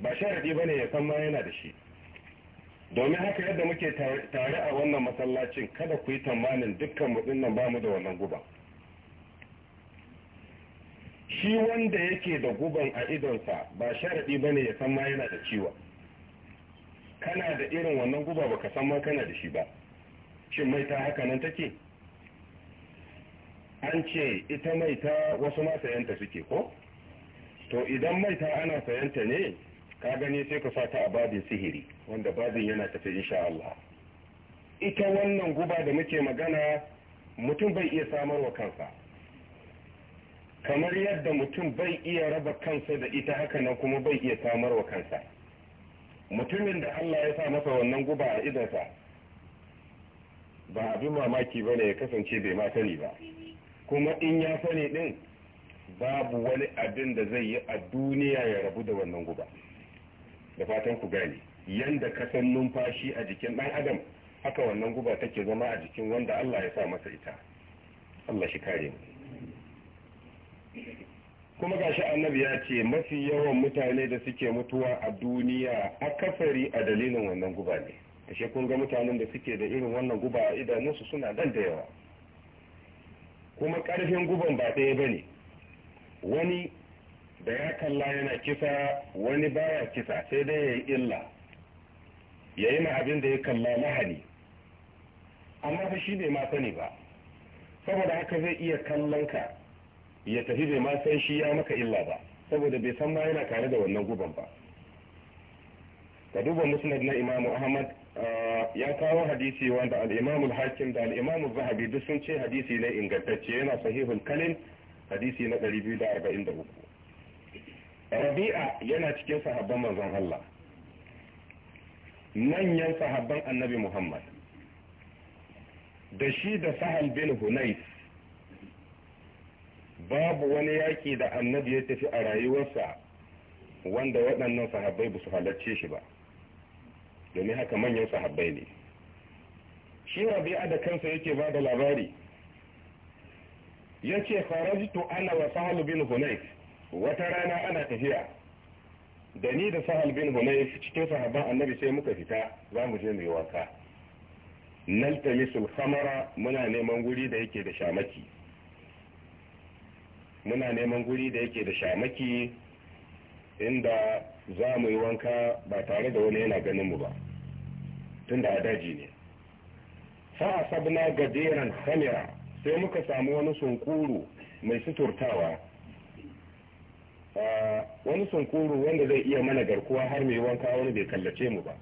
ba sharadi ba ne ya san ma yana da shi domin haka yadda muke tare a wannan masallacin kada ku yi tamanin dukkan mutum nan ba mu da wannan guba shi wanda yake da guban a idonsa ba sharaɗi ba ne ya san ma yana da ciwon kana da irin wannan guba baka san ma kana da shi ba shin maita haka nan take an ce ita maita wasu ma sayanta suke ko to idan maita ana sayanta ne ka gani sai ka ta a babin sihiri wanda babin yana tafi insha Allah ita wannan guba da muke magana mutum bai iya samarwa kansa kamar yadda mutum bai iya raba kansa da ita haka nan kuma bai iya samarwa kansa mutumin da Allah ya sa masa wannan guba a idansa ba abin mamaki ba ne ya kasance bai ma sani ba kuma in ya sani din babu wani abin da zai yi a duniya ya rabu da wannan guba da fatan ku gane yanda kasan numfashi a jikin ɗan adam haka wannan guba take zama a jikin wanda Allah ya sa masa ita Allah shi kare mu kuma gashi annabi ya ce mafi yawan mutane da suke mutuwa a duniya akasari a dalilin wannan guba ne ashe kun ga mutanen da suke da irin wannan guba a idanunsu suna dan da yawa kuma karfin guban ba ɗaya bane wani da ya kalla yana kisa wani baya kisa sai dai ya yi illa ya yi abin da ya kalla lahani amma fa shi bai ma sani ba saboda haka zai iya kallon ka ya tafi bai ma san shi ya maka illa ba saboda bai san ma yana tare da wannan guban ba ka duba musnad na imamu ahmad ya kawo hadisi wanda alimamul hakim da al zahabi duk sun ce hadisi ne ingantacce yana sahihul kalim hadisi na 243 rabi'a yana cikin sahabban manzon Allah manyan sahabban annabi Muhammad da shi da sahal bin hunais babu wani yaƙi da annabi ya tafi a rayuwarsa wanda waɗannan sahabbai ba su halarce shi ba domin haka manyan sahabbai ne shi rabi'a da kansa yake ba da labari ya ce farajtu ana wa sahal bin hunais wata rana ana tafiya da ni da sahal bin hunayf cikin sahabban annabi sai muka fita za mu je mu yi naltamisul khamara muna neman guri da yake da shamaki muna neman guri da yake da shamaki inda za mu yi wanka ba tare da wani yana ganin mu ba tunda a daji ne fa sabna gadiran khamira sai muka samu wani sunkuru mai suturtawa Eh, wani sunkuru wanda zai iya mana garkuwa har mai wanka wani bai kallace mu ba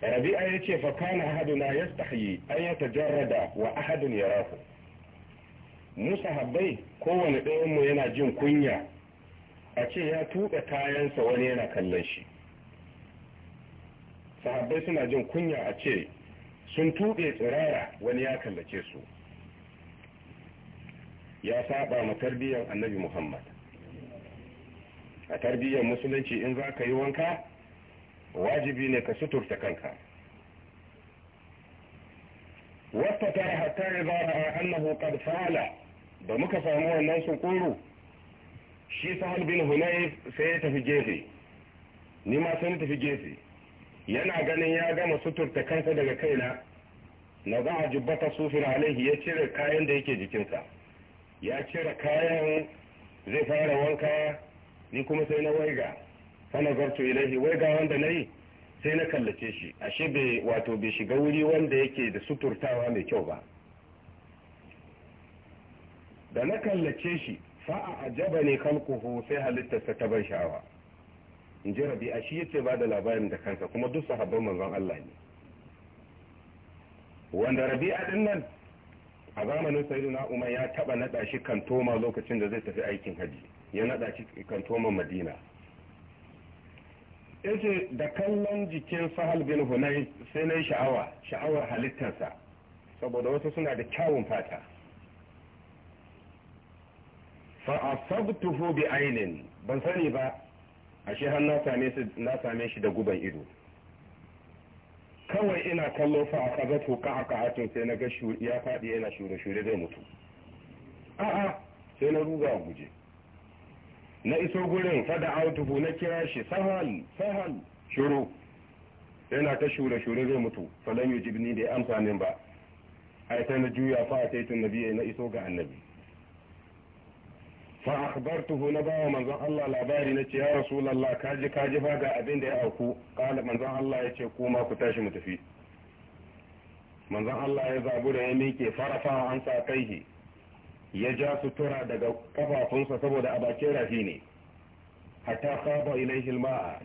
rabi'a ya ce fakana Haduna ya stahi an ya tajarrada wa Ahadin ya rafu musa habbai kowane ɗayanmu yana jin kunya a ce ya tuɓe kayansa wani yana kallon shi sahabbai suna jin kunya a ce sun tuɓe tsirara wani ya kallace su ya saba ma tarbiyyar annabi muhammad a tarbiyyar musulunci in za ka yi wanka wajibi ne ka suturta kanka wata ta hatta ya a annahu qad da muka samu wannan sukuru shi sahal bin hunai sai ya tafi gefe ni ma sai tafi gefe yana ganin ya gama suturta kansa daga kaina na za a jubbata sufin alaihi ya cire kayan da yake jikinsa ya cire kayan zai fara wanka ni kuma sai na waiga sana zarto ilaihi waiga wanda na yi sai na kallace shi ashe bai wato bai shiga wuri wanda yake da suturtawa mai kyau ba da na kallace shi fa'a ajaba ne kalkuhu sai halittarsa ta ban sha'awa in ji rabi a shi yake ba da labarin da kansa kuma duk sahabban manzon Allah ne wanda rabi'a din nan a zamanin sayyidina umar ya taba nada shi kantoma lokacin da zai tafi aikin haji ya nada shi toma madina yace da kallon jikin sahal bin hunay sai na yi sha'awa sha'awar halittarsa saboda wasu suna da kyawun fata fa asabtuhu bi ainin ban sani ba ashe har na same shi da guban ido kawai ina kallo fa a kaga to ka haka hatin sai na ga ya faɗi yana shure shure zai mutu a'a sai na ruga a guje na iso gurin fada autuhu na kira shi sahal sahal shuru yana ta shure shure zai mutu falan yujibni da amsa min ba ai sai na juya fa a taitun nabi na iso ga annabi fa akhbartuhu na bawa manzon Allah labari nace ya rasulullah kaji kaji fa ga abin da ya auku kala manzon Allah ya ce kuma ku tashi mu tafi manzon Allah ya zabu da ya miƙe farafa an sa kaihi ya ja sutura daga kafafunsa saboda a bakin rafi ne hatta khaba ilaihi alma'a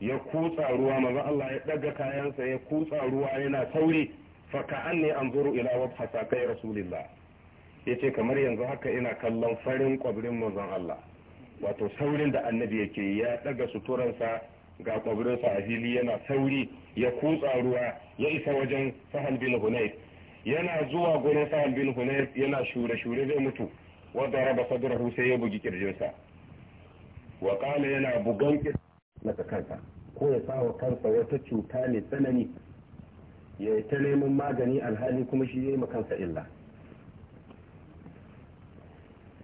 ya kutsa ruwa manzon Allah ya daga kayansa ya kutsa ruwa yana sauri fa ka'anni anzuru ila wajhi sakai rasulillah ya ce kamar yanzu haka ina kallon farin kwabrin manzon Allah wato saurin da annabi yake ya daga suturansa ga kwabirinsa a fili yana sauri ya kutsa ruwa ya isa wajen sahal bin hunayf yana zuwa gurin sahal bin hunayf yana shure shure zai mutu wanda raba sadrahu sai ya bugi kirjinsa wa yana bugan kirjinsa kansa ko ya wa kansa wata cuta ne tsanani ya ta neman magani alhali kuma shi yayi kansa illa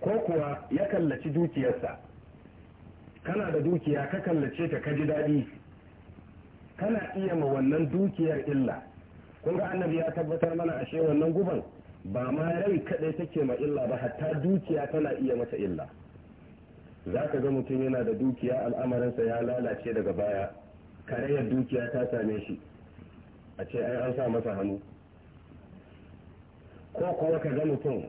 ko kuwa ya kallaci dukiyarsa kana da dukiya ka kallace ta ka ji daɗi kana iya ma wannan dukiyar illa kun ga annabi ya tabbatar mana ashe wannan guban ba ma rai kaɗai take ma illa ba hatta dukiya tana iya mata illa za ka ga mutum yana da dukiya al'amarinsa ya lalace daga baya karayar dukiya ta same shi a ce an sa masa hannu ko kuwa ka ga mutum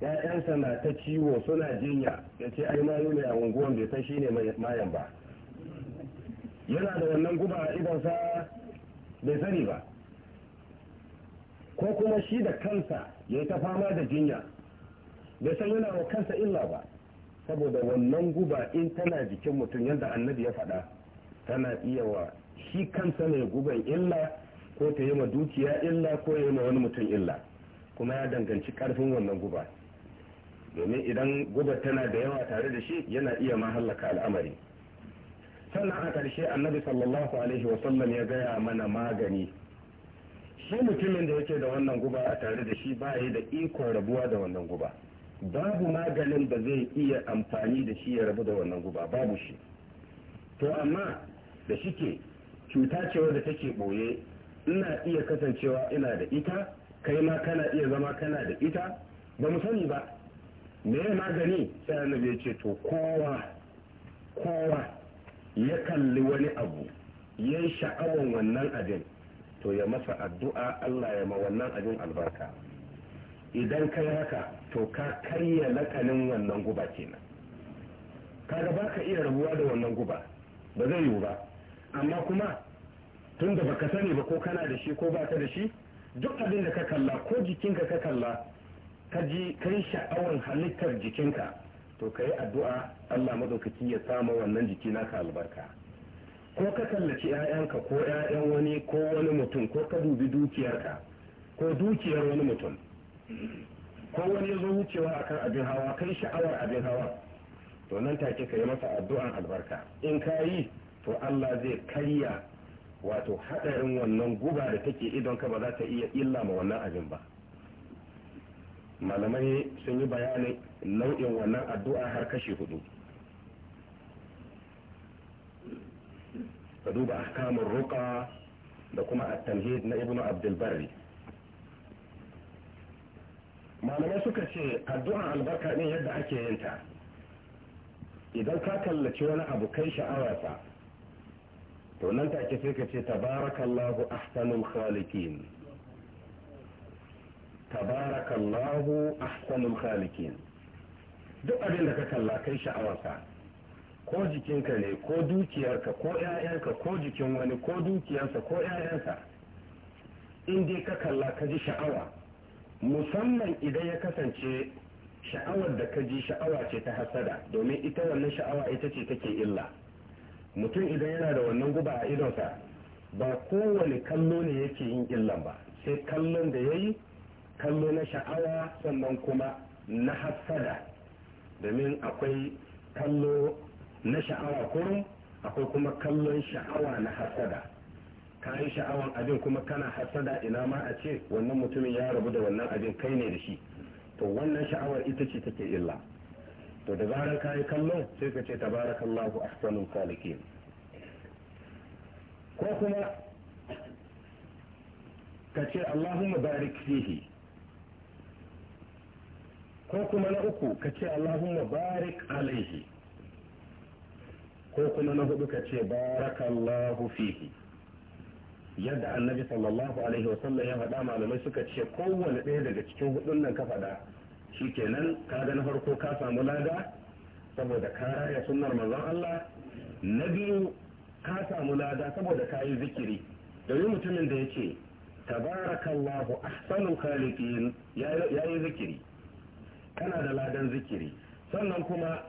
‘ya'yansa na ta ciwo suna jinya ya ce ai mayu ne a unguwan bai san shine mayan ba yana da wannan guba a idonsa bai sani ba ko kuma shi da kansa ya yi ta fama da jinya bai san yana wa kansa illa ba saboda wannan guba in tana jikin mutum yadda annabi ya faɗa tana iya wa shi kansa mai guban illa ko ta yi ma dukiya illa ko ya yi ma wani mutum illa kuma ya danganci karfin wannan guba domin idan gubar tana da yawa tare da shi yana iya ma halaka al'amari sannan a ƙarshe annabi sallallahu alaihi wasallam ya gaya mana magani shi mutumin da yake da wannan guba a tare da shi ba yi da ikon rabuwa da wannan guba babu maganin da zai iya amfani da shi ya rabu da wannan guba babu shi to amma da shi ke cuta ce wadda take ɓoye ina iya kasancewa ina da ita kai ma kana iya zama kana da ita ba mu sani ba me magani sai annabi ya ce to kowa kowa ya kalli wani abu ya yi sha'awan wannan abin to ya masa addu'a Allah ya ma wannan abin albarka idan ka yi haka to ka karya lakanin wannan guba kenan kaga ba ka iya rabuwa da wannan guba ba zai yiwu ba amma kuma tun da baka sani ba ko kana da shi ko ba ka da shi duk abin da ka kalla ko jikinka ka kalla ka ji kai sha'awar halittar jikinka to ka yi addu'a Allah madaukaki ya sama wannan jiki naka albarka ko ka kallaci 'ya'yanka ko 'ya'yan wani ko wani mutum ko ka dubi dukiyarka ko dukiyar wani mutum ko wani ya zo wucewa akan abin hawa kai sha'awar abin hawa to nan take ka yi masa addu'an albarka in ka yi to Allah zai karya wato hadarin wannan guba da take idon ka ba za ta iya illa ma wannan abin ba malamai sun yi bayanin nau'in wannan addu'a har kashi hudu ka duba ahkamun ruqa da kuma at-tamhid na ibnu abdul barri malamai suka ce addu'an albarka din yadda ake yinta idan ka kallaci wani abu kai sha'awarsa to nan take sai ka ce tabarakallahu ahsanul khaliqin tabarakallahu ahsanul khaliqin duk abin da ka kalla kai sha'awarsa ko jikinka ne ko dukiyarka ko ƴaƴanka ko jikin wani ko dukiyarsa ko ƴaƴansa in dai ka kalla ka ji sha'awa musamman idan ya kasance sha'awar da ka ji sha'awa ce ta hasada domin ita wannan sha'awa ita ce take illa mutum idan yana da wannan guba a idonsa ba kowane kallo ne yake yin illan ba sai kallon da ya yi kallo na sha'awa sannan kuma na hassada domin akwai kallo na sha'awa kurum akwai kuma kallon sha'awa na hassada ka yi sha'awan abin kuma kana hasada ina ma a ce wannan mutumin ya rabu da wannan abin kai ne da shi to wannan sha'awar ita ce take illa to da zarar ka yi kallo sai ka ce tabarakallahu ahsanul khaliqin ko kuma ka ce allahumma barik fihi ko kuma na uku ka ce Allahumma barik alaihi ko kuma na hudu ka ce barakallahu fihi yadda annabi sallallahu alaihi sallam ya faɗa malamai suka ce kowane ɗaya daga cikin hudun nan ka faɗa shi shikenan ka ga na farko ka samu lada saboda ka raya sunnar manzon Allah na biyu ka samu lada saboda ka yi zikiri domin mutumin da ya ce tabarakallahu ahsanul khaliqin ya yi zikiri kana da ladan zikiri sannan kuma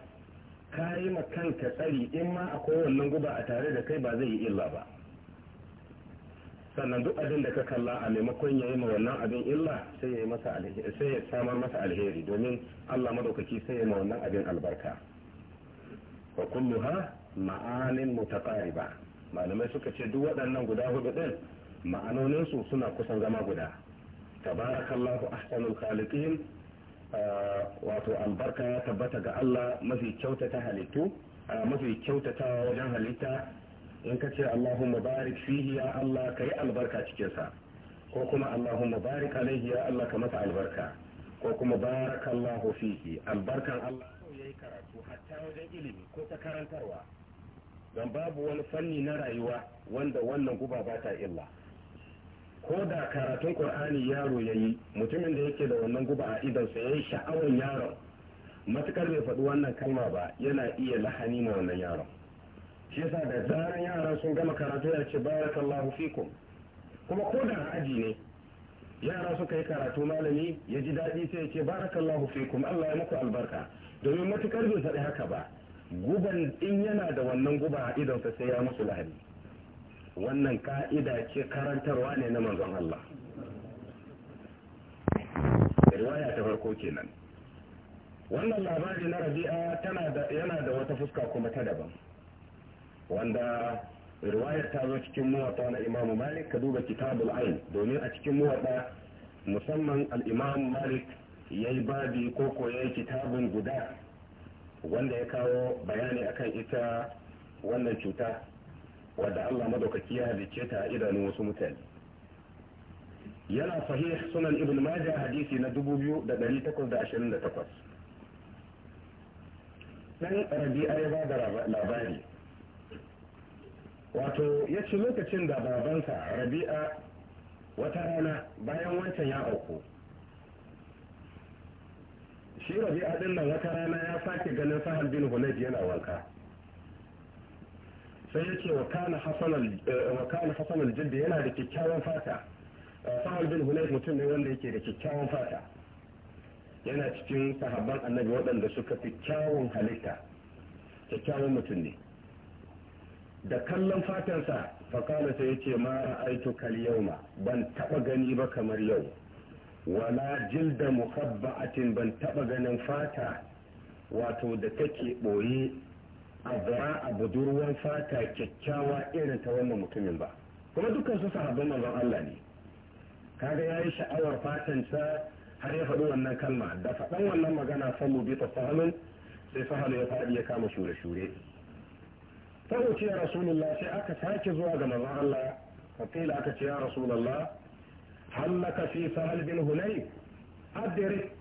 ka yi ma kanka tsari in ma akwai wannan guba a tare da kai ba zai yi illa ba sannan duk abin da ka kalla a maimakon ya yi ma wannan abin illa sai ya masa alheri sai ya samar masa alheri domin Allah madaukaki sai ya yi ma wannan abin albarka wa kulluha ma'anin mutaqariba malamai suka ce duk waɗannan guda hudu din ma'anonin su suna kusan zama guda tabarakallahu ahsanul khaliqin wato albarka ya tabbata ga Allah mafi kyautata halittu mafi kyautatawa wajen halitta in ka ce Allahumma barik fihi ya Allah ka yi albarka cikinsa ko kuma Allahumma barik alaihi ya Allah ka masa albarka ko kuma barakallahu fihi albarkan Allah ya yi karatu hatta wajen ilimi ko ta karantarwa don babu wani fanni na rayuwa wanda wannan guba ba ta illa ko da karatun qur'ani yaro yayi mutumin da yake da wannan guba a idansa yayi sha'awar yaron matukar bai faɗi wannan kalma ba yana iya lahani ma wannan yaron shi yasa da zaran yara sun gama karatu ya ce barakallahu fikum kuma ko da aji ne yara suka yi karatu malami ya ji daɗi sai ya ce barakallahu fikum Allah ya muku albarka domin matukar bai faɗi haka ba guban in yana da wannan guba a sa sai ya musu lahani wannan ka'ida ce karantarwa ne na manzon Allah riwaya ta farko kenan wannan labari na rabi'a tana da yana da wata fuska kuma ta daban wanda riwaya ta zo cikin muwatta na Imam Malik ka duba kitabul ayn domin a cikin muwatta musamman al-Imam Malik yayi babi ko ko yayi kitabun guda wanda ya kawo bayani akan ita wannan cuta wadda Allah madaukaki ya halicce ta a idanun wasu mutane yana sahih sunan ibn majah hadisi na 2828 dan rabi'a ya bada labari wato ya ci lokacin da babansa rabi'a wata rana bayan wancan ya auku shi rabi'a din nan wata rana ya sake ganin sahal bin hunayf yana wanka sai yace wa kana hasanar eh, jirgin yana da kyakkyawan fata eh, bin mutum ne wanda yake da kyakkyawan fata yana cikin sahabban annabi waɗanda suka fi kyawun halitta kyakkyawan mutum ne da kallon fatansa fakala sai yake ma ra'aitu kal ma ban taba gani ba kamar yau wala jilda muhabba'atin ban taba ganin fata wato da take ɓoye. a bara a budurwar fata kyakkyawa irin ta wannan mutumin ba kuma dukkan su sahabban manzon Allah ne kaga yayi sha'awar fatansa har ya faɗi wannan kalma da faɗan wannan magana sallu bi tafahamin sai sahalu ya faɗi ya kama shure shure fa ya rasulullah sai aka sake zuwa ga manzon Allah fa aka ce ya rasulullah hallaka fi sahal bin hunay adrik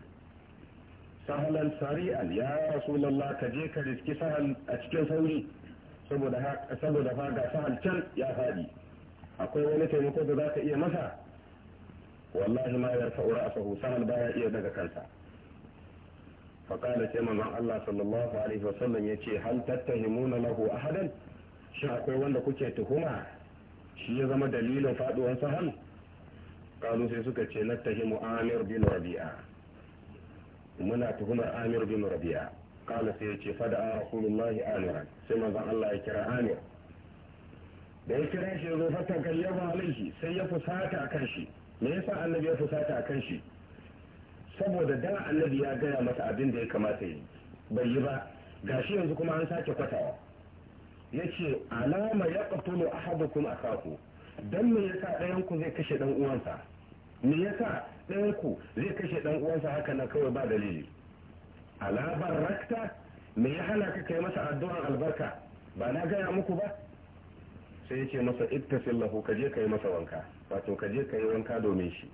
sahalan sari'an ya rasulullah ka je ka riski sahal a cikin sauri saboda ha ga sahal can ya faɗi akwai wani taimako da zaka iya masa wallahi ma ya rafa ra'sahu sahal baya iya daga kansa fa qala sai Allah sallallahu alaihi wasallam yace hal tattahimuna lahu ahadan shi akwai wanda kuke tuhuma shi ya zama dalilin faduwar sahal kasu sai suka ce nattahimu amir bin rabi'a muna tuhumar amir bin rabi'a kala sai ya ce fada rasulullahi amiran sai manzon Allah ya kira amir da ya kira shi zo fata yaba alaihi sai ya fusata a kan shi me yasa annabi ya fusata kan shi saboda dan annabi ya gaya masa abin da ya kamata yi bai yi ba gashi yanzu kuma an sake kwatawa yace alama ya qatulu ahadukum akaku dan me yasa ɗayan ku zai kashe dan uwansa me yasa ku zai kashe ɗan uwansa haka na kawai ba dalili alabar rakta me ya hana ka kai masa addu'ar albarka ba na gaya muku ba sai ya ce masa ittasillahu ka je ka yi masa wanka wato ka je ka yi wanka domin shi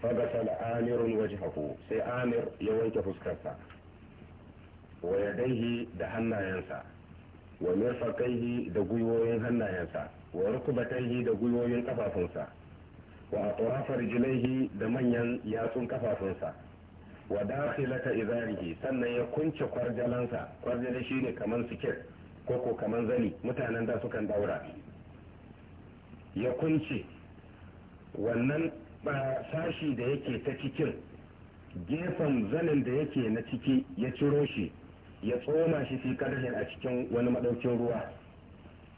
fagasal amirun waje haku sai amir ya wanke fuskarsa wayadaihi da hannayensa wa mirfaqaihi da gwiwoyin hannayensa wa taihi da gwiwoyin kafafunsa wa atrafar jilaihi da manyan yatsun kafafunsa wa dakhilata izarihi sannan ya kunce kwarjalansa kwarjala shine kaman sikir ko ko kaman zani mutanen da sukan daura ya kunce wannan sashi da yake ta cikin gefen zanin da yake na ciki ya ciro shi ya tsoma shi fi karhin a cikin wani madaukin ruwa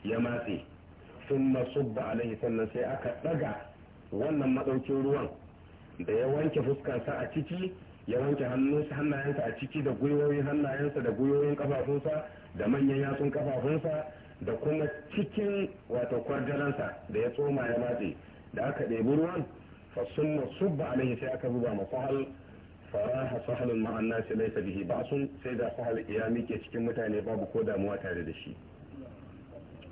ya matse sun masubba alaihi sannan sai aka daga wannan madaukin ruwan da ya wanke fuskarsa a ciki ya wanke hannayensa a ciki da gwiwoyin hannayensa da gwiwoyin kafafunsa da manyan yatsun kafafunsa da kuma cikin wato kwarjaransa da ya tsoma ya matse da aka ɗebi ruwan fasunna subba alaihi sai aka zuba ma hal faraha sahalun ma'an sai laisa bihi sun sai da fahal ya mike cikin mutane babu ko damuwa tare da shi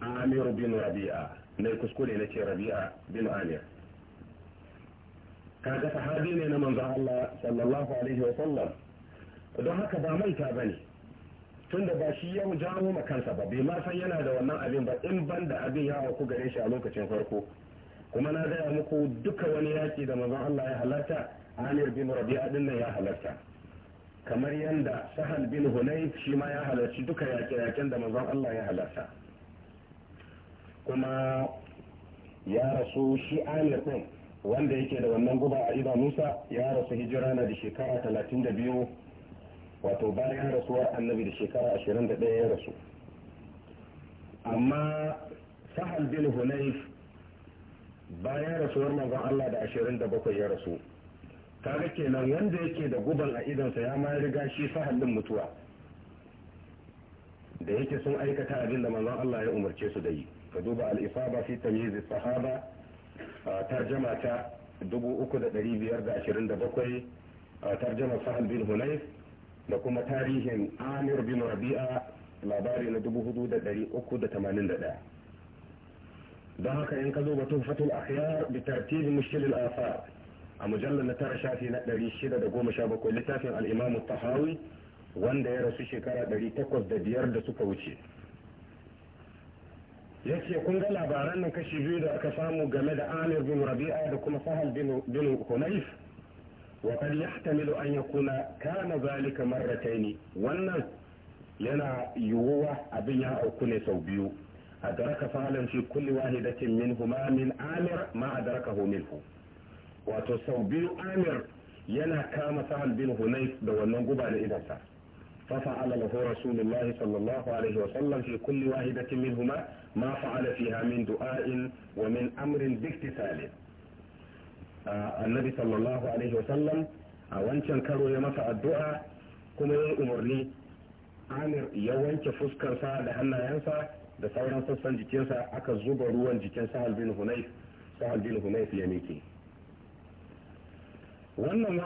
amiru bin rabi'a mai kuskure na ce rabi'a bin amir kaga sahabi ne na manzo Allah sallallahu alaihi wa sallam don haka ba manta bane tunda ba shi ya jawo ma kansa ba bai ma san yana da wannan abin ba in banda abin ya auku gare shi a lokacin farko kuma na gaya muku duka wani yaki da manzo Allah ya halarta Amir bin Rabi'a din nan ya halarta kamar yanda Sahal bin Hunayf shi ma ya halarci duka yaki-yakin da manzo Allah ya halarta kuma ya rasu shi Amir din wanda yake da wannan guba a idanunsa ya rasu hijira na da shekara talatin da biyu wato bayan rasuwar annabi da shekara ashirin da ɗaya ya rasu amma sahal bin hunayf bayan rasuwar manzon Allah da ashirin da bakwai ya rasu kaga kenan wanda yake da guban a idansa ya ma riga shi sahal din mutuwa da yake sun aikata abin da manzon Allah ya umarce su da yi ka duba al-isaba fi tamyiz sahaba tarjama ta 3527 tarjama sahal bin hunais da kuma tarihin amir bin rabi'a labari na 4381 don haka in ka zo batun tuhfatul akhyar bi tartib mushkil al afar a mujallar na tara shafi na 617 littafin al-imam tahawi wanda ya rasu shekara 805 da suka wuce ya ce kun ga labaran nan kashi biyu da aka samu game da amir bin rabi'a da kuma sahal bin hunayf wa ya yahtamilu an yakuna kana zalika marrataini wannan yana yiwuwa abin ya auku ne sau biyu daraka sahalan shi kulli wahidatin minhuma min amir ma min hu wato sau biyu amir yana kama sahal bin hunayf da wannan guba da idansa ففعل له رسول الله صلى الله عليه وسلم في كل واحدة منهما ما فعل فيها من دعاء ومن أمر باكتسال آه، النبي صلى الله عليه وسلم آه، وانت انكروا يا مفع الدعاء كما يأمرني عامر يوانك فسكر ساعة لحنا ينسى da sauran sassan jikinsa aka zuba ruwan jikin sahal bin hunayf sahal bin hunayf ya miki wannan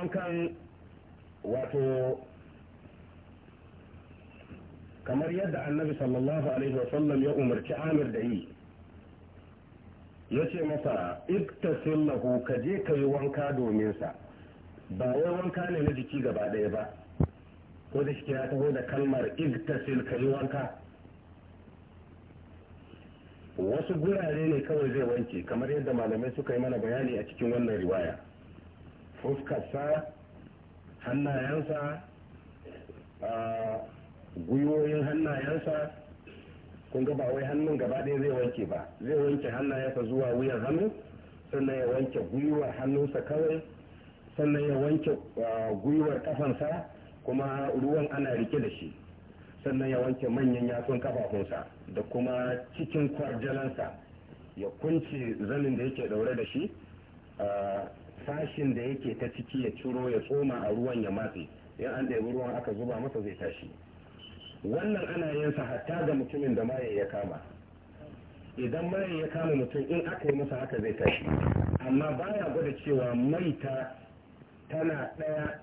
kamar yadda annabi sallallahu alaihi wasallam ya umarci amir da yi ya ce masa iktasil lahu ka je ka yi wanka domin sa ba wai wanka ne na jiki gaba ɗaya ba ko da shi ya taho da kalmar iktasil ka yi wanka wasu gurare ne kawai zai wanke kamar yadda malamai suka yi mana bayani a cikin wannan riwaya fuskarsa hannayensa ah, gwiwoyin hannayensa kun ga ba wai hannun gaba ɗaya zai wanke ba zai wanke hannayensa zuwa wuyan hannu sannan ya wanke gwiwar hannunsa kawai sannan ya wanke ah, gwiwar kafansa kuma ruwan ana rike da shi sannan ya wanke manyan yatsun kafafunsa da kuma cikin kwarjalansa ya kunce zanin da yake ɗaure da shi fashin ah, da yake ta ciki ya ciro ya tsoma a ruwan ya matse in an ɗebi ruwan aka zuba masa zai tashi wannan ana yin sa hatta ga mutumin da maye ya kama idan maye ya kama mutum in aka yi masa haka zai tashi amma baya gwada cewa maita tana ɗaya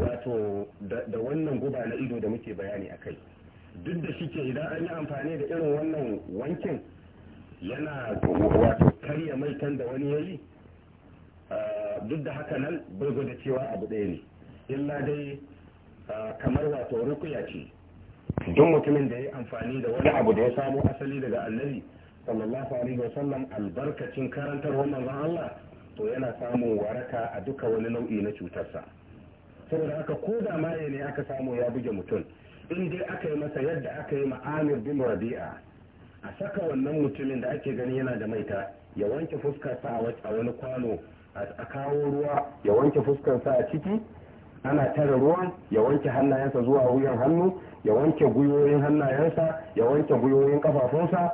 wato da wannan guba na ido da muke bayani a kai duk da shi ke idan an yi amfani da irin wannan wankin yana wato karya maitan da wani yayi yi eh, duk da haka nan bai gwada cewa abu ɗaya ne illa dai kamar wato rukuya ce duk mutumin da ya amfani da wani abu da ya samo asali daga annabi sallallahu alaihi wasallam albarkacin karantarwar manzon Allah to yana samun waraka a duka wani nau'i na cutarsa saboda aka ko da ma ne aka samu ya buge mutum in dai aka yi masa yadda aka yi ma'amir bin rabi'a a saka wannan mutumin da ake gani yana da maita ya wanke fuskarsa a wani kwano a kawo ruwa ya wanke fuskarsa a ciki ana tare ruwan ya wanke hannayensa zuwa wuyan hannu ya wanke gwiwoyin hannayensa ya wanke gwiwoyin kafafunsa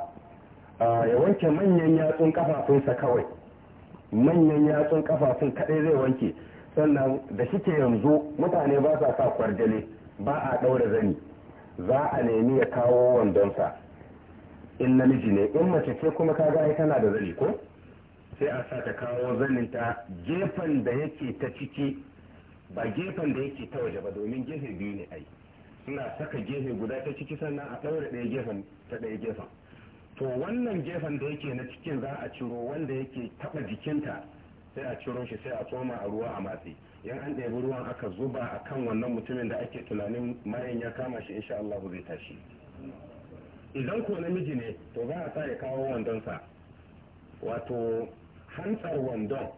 ya wanke manyan yatsun kafafunsa kawai manyan yatsun kafafun kadai zai wanke sannan da shike yanzu mutane ba sa sa kwarjale ba a ɗaura zani za a nemi ya kawo wandonsa in namiji ne in mace ce kuma ka ga tana da zani ko sai a sa ta kawo zanin ta gefen da yake ta ciki ba gefen da yake ta waje ba domin gefe biyu ne ai suna saka gefe guda ta ciki sannan a ɗaure ɗaya gefen ta ɗaya gefen to wannan gefen da yake na cikin za a ciro wanda yake taɓa jikinta sai a ciro shi sai a tsoma a ruwa a matsi yan an ɗebi ruwan aka zuba a kan wannan mutumin da ake tunanin mayan ya kama shi insha Allah zai tashi idan ko namiji ne to za a sa ya kawo wandonsa wato hantsar wandon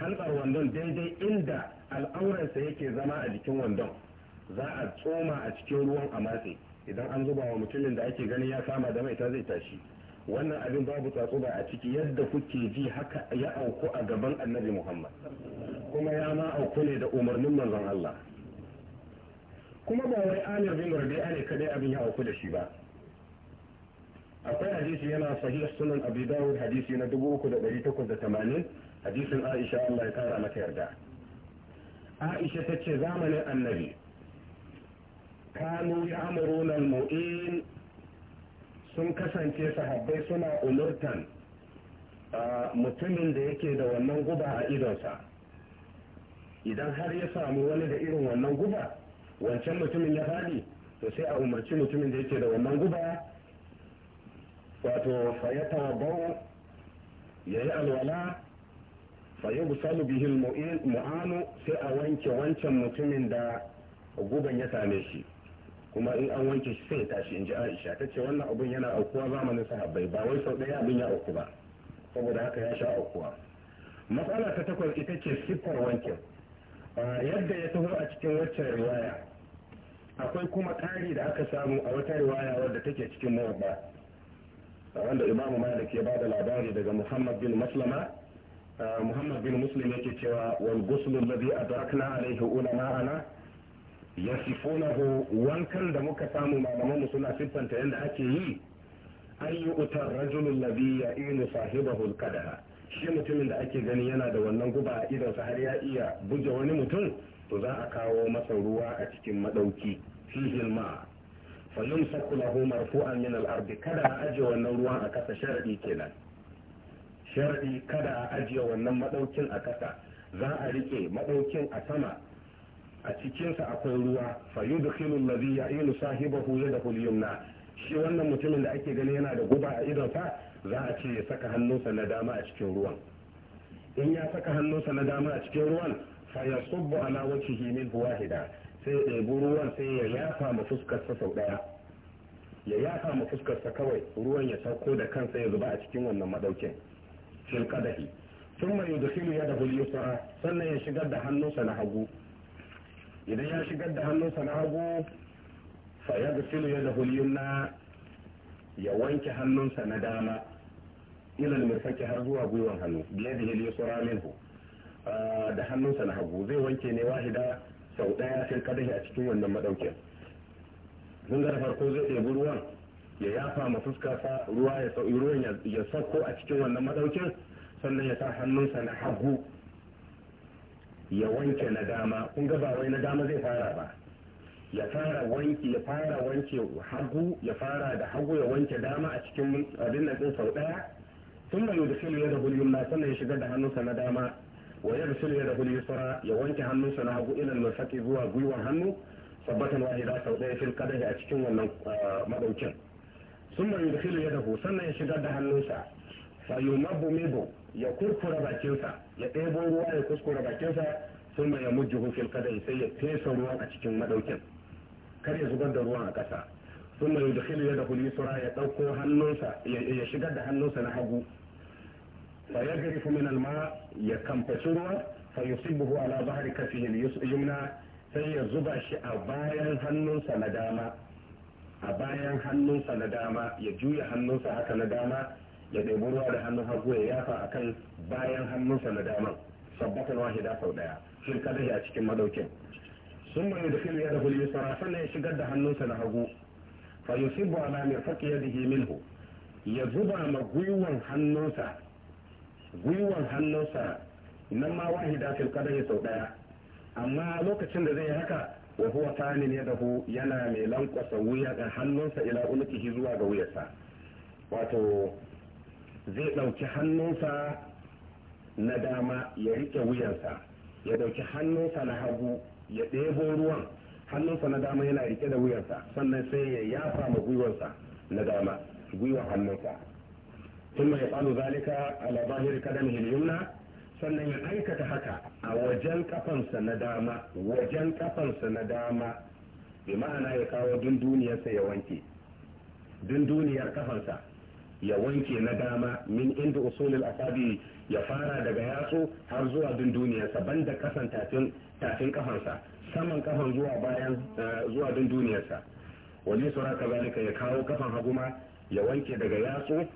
halbar wandon daidai inda al'aurarsa yake zama a jikin wandon za a tsoma a cikin ruwan a matse idan an zuba wa mutumin da ake ganin ya kama da mai ta zai tashi wannan abin babu tsatsuba a ciki yadda kuke ji haka ya auku a gaban annabi muhammad kuma ya ma auku ne da umarnin manzon allah kuma ba wai amir bin rabi'a ne kadai abin ya auku da shi ba akwai hadisi yana sahih sunan abi dawud hadisi na 3880 hadisin aisha Allah ya kara mata yarda aisha ta ce zamanin annabi kanu ya amuruna mu'in sun kasance sahabbai suna umurtan mutumin da yake da wannan guba a idonsa idan har ya samu wani da irin wannan guba wancan mutumin ya fadi to sai a umarci mutumin da yake da wannan guba wato fayata bau ya yi alwala fa yi gusalu mu'anu sai a wanke wancan mutumin da guban ya same shi kuma in an wanke shi sai ya tashi in ji aisha ta ce wannan abun yana aukuwa zamanin sahabbai ba wai sau ɗaya abin ya auku ba saboda haka ya sha aukuwa matsala ta takwas ita ce siffar wankin yadda ya taho a cikin waccan riwaya akwai kuma ƙari da aka samu a wata riwaya wadda take cikin muwabba wanda imamu malik ya da labari daga muhammad bin maslama muhammad bin muslim yake cewa wal ghuslu alladhi adrakna alayhi ana yasifunahu wankan da muka samu malaman mu suna siffanta yadda ake yi an yi utar ya alladhi ya'inu sahibahu al shi mutumin da ake gani yana da wannan guba a sa har ya iya buje wani mutum to za a kawo masa ruwa a cikin madauki fihi ma fa yumsaku lahu marfu'an min al-ardi kada a aje wannan ruwan a kasa sharadi kenan shar'i kada a ajiye wannan madaukin a kasa za a rike madaukin a sama a cikinsa akwai ruwa fa yudkhilu alladhi ya'ilu sahibahu yadahu al-yumna shi wannan mutumin da ake gani yana da guba a idonsa za a ce ya saka hannunsa na dama a cikin ruwan in ya saka hannunsa na dama a cikin ruwan fa yasubbu ala wajhihi min wahida sai ya ruwan sai ya yafa ma fuskarsa sau ɗaya ya yafa ma fuskarsa kawai ruwan ya sauko da kansa ya zuba a cikin wannan madaukin fil qadahi thumma yudkhilu yadahu al-yusra sannan ya shigar da hannunsa na hagu idan ya shigar da hannunsa na hagu fa yadkhilu yadahu al-yumna ya wanke hannunsa na dama ila al-mirfaqi har zuwa gwiwan hannu yadihi al-yusra minhu ah, da hannunsa na hagu zai wanke ne wahida sau daya fil qadahi a cikin wannan madaukin mun ga farko zai ɗebi ruwan ya yafa ma sa ruwa ya ruwan ya sauko a cikin wannan madaukin sannan ya sa hannunsa na hagu ya wanke na dama kun ga ba wai na dama zai fara ba ya fara wanki ya fara wanke hagu ya fara da hagu ya wanke dama a cikin abin nan din sau daya sun da yudkhilu da al na sannan ya shigar da hannunsa na dama wa yadkhulu da al sura ya wanke hannunsa na hagu ila al zuwa gwiwar hannu sabbatan wahida sau daya fil qadahi a cikin wannan ah, madaukin sun mai yudhilu yadahu sannan ya shigar da hannunsa fa yumabbu mibu ya kurkura bakinsa ya ɗebo ruwa ya kuskura bakinsa sun mai ya mujjuhu fil kadai sai ya fesa ruwa a cikin madaukin kar ya zubar da ruwan a ƙasa sun mai yadahu lisura ya ɗauko hannunsa ya shigar da hannunsa na hagu fa ya gari min alma ya kamfaci ruwa fa yusibuhu ala zahri kafihi yumna sai ya zuba shi a bayan hannunsa na dama a bayan hannunsa na dama ya juya hannunsa haka na dama ya ɗebi ruwa da hannun hagu ya yafa a kan bayan hannunsa na dama sabbatan wahida sau ɗaya shin kada ya cikin madaukin sun mai da filiya da al-yusra sannan ya shigar da hannunsa na hagu fa yusibu ala ya dihi minhu ya zuba ma gwiwan hannunsa gwiwan hannunsa nan ma wahida fil sau ɗaya. amma lokacin da zai haka wa huwa tanin yadahu yana mai lankwasa wuya da hannunsa ila unukihi zuwa ga wuyarsa wato zai ɗauki hannunsa na dama ya rike wuyansa ya ɗauki hannunsa na hagu ya ɗebo ruwan hannunsa na dama yana rike da wuyansa sannan sai ya yafa ma gwiwarsa na dama gwiwa hannunsa ثم يفعل ذلك على ظاهر قدمه اليمنى sannan ya aikata haka a wajen kafansa na dama wajen kafansa na dama bi ma'ana ya kawo dunduniyarsa ya wanke dunduniyar kafansa ya wanke na dama min inda usulul asabi ya fara daga yatsu har zuwa dunduniyarsa banda kasan tafin tafin kafansa saman kafan zuwa bayan eh, zuwa dunduniyarsa wani sura zalika ya kawo kafan haguma ya wanke daga yatsu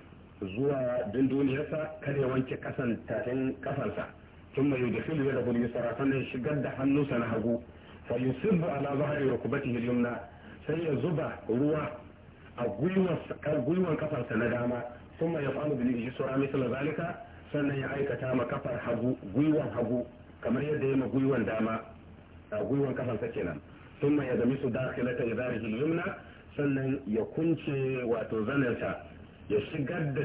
zuwa dunduniyarsa kada ya wanke kasan tafin kasansa tun mai da yudkhilu yadahu al-yusra sannan shigar da hannunsa na hagu fa yusibbu ala zahri rukbatihi al-yumna sai ya zuba ruwa a gwiwan kafarsa na dama ثم يفعل باليسرى مثل zalika sannan ya aikata ma kafar hagu gwiwan hagu kamar yadda ya ma gwiwan dama a gwiwan kafansa kenan sun ya zami su dakilata ya yumna sannan ya kunce wato zanarta ya shigar da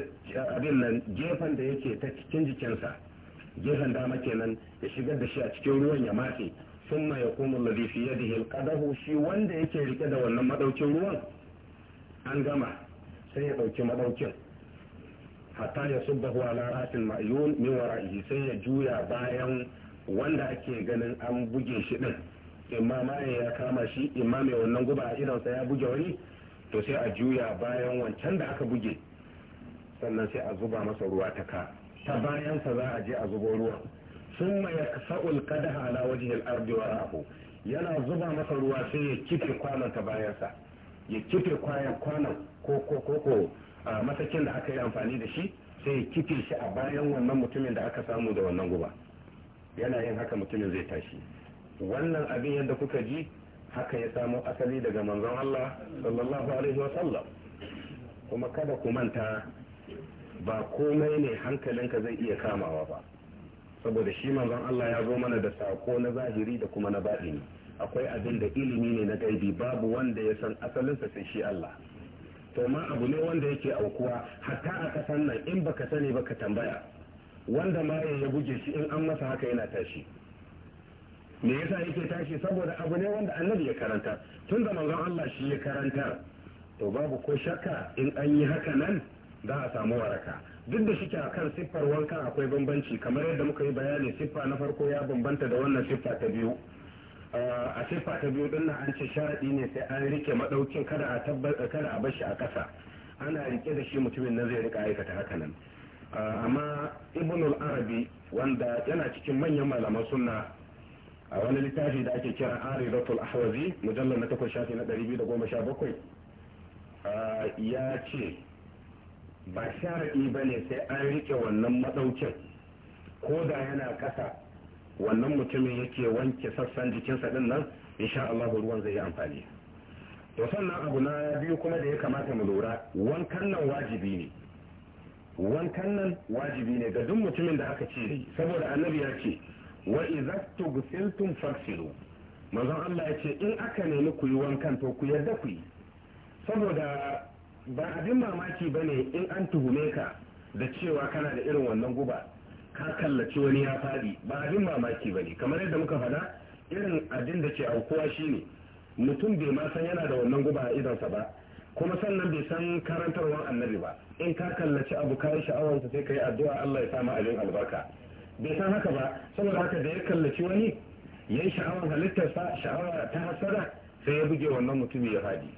abin nan gefen da yake ta cikin jikinsa gefen dama kenan ya shigar da shi a cikin ruwan ya matse sun ma ya kuma lalifi ya dihil kadahu shi wanda yake rike da wannan madaukin ruwan an gama sai ya ɗauki madaukin hatta ya huwa na rasin ma'yun min wara'ihi sai ya juya bayan wanda ake ganin an buge shi din imma maye ya kama shi imma mai wannan guba a sa ya buge wani to sai a juya bayan wancan da aka buge sannan sai a zuba masa ruwa ta ka ta bayansa za a je a zuba ruwa sun ya sa'ul kada ala wajen al'ardi wa rahu yana zuba masa ruwa sai ya kife kwanan ta bayansa ya kife kwayan kwanan ko ko ko ko matakin da aka yi amfani da shi sai ya kife shi a bayan wannan mutumin da aka samu da wannan guba yana yin haka mutumin zai tashi wannan abin yadda kuka ji haka ya samo asali daga manzon Allah sallallahu alaihi wa sallam kuma kada ku manta ba komai ne hankalinka zai iya kamawa ba saboda shi manzon Allah ya zo mana da sako na zahiri da kuma na baɗini akwai abin da ilimi ne na gaibi babu wanda ya san asalinsa sai shi Allah to ma abu ne wanda yake aukuwa hatta a kasan nan in baka sani ka tambaya wanda ma ya buge shi in an masa haka yana tashi me yasa yake tashi saboda abu ne wanda annabi ya karanta tun da manzon Allah shi ya karanta to babu ko shakka in an yi haka nan za a samu waraka duk da shi a kan siffar wanka akwai bambanci kamar yadda muka yi bayani siffa na farko ya bambanta da wannan siffa ta biyu uh, a siffa ta biyu din nan an ce sharaɗi ne sai an rike madaukin kada a tabbata kada a bashi a ƙasa ana rike da shi mutumin nan zai rika aikata haka nan uh, amma ibnul arabi wanda yana cikin manyan malaman sunna a wani littafi da ake kira aridatul ahwazi mujallar na takwas shafi na 217 uh, ya ce ba sharaɗi ba ne sai an rike wannan maɗaukin ko da yana ƙasa wannan mutumin yake wanke sassan jikinsa ɗin nan insha Allah ruwan zai yi amfani to sannan abu na biyu kuma da ya kamata mu lura wankan nan wajibi ne wankan nan wajibi ne ga duk mutumin da aka ce saboda annabi ya ce wa idza tughsiltum fagsilu manzon Allah ya ce in aka nemi ku yi wankan to ku yarda ku yi saboda ba abin mamaki ba ne in an tuhume ka da cewa kana da irin wannan guba ka kallaci wani ya faɗi ba abin mamaki ba ne kamar yadda muka faɗa irin abin da ke aukuwa ne mutum bai ma san yana da wannan guba a idonsa ba kuma sannan bai san karantarwar annabi ba in ka kallaci abu ka sha'awar sai ka yi addu'a Allah ya samu abin albarka bai san haka ba saboda haka da ya kallaci wani ya yi sha'awar halittarsa sha'awa ta hasara sai ya buge wannan mutum ya faɗi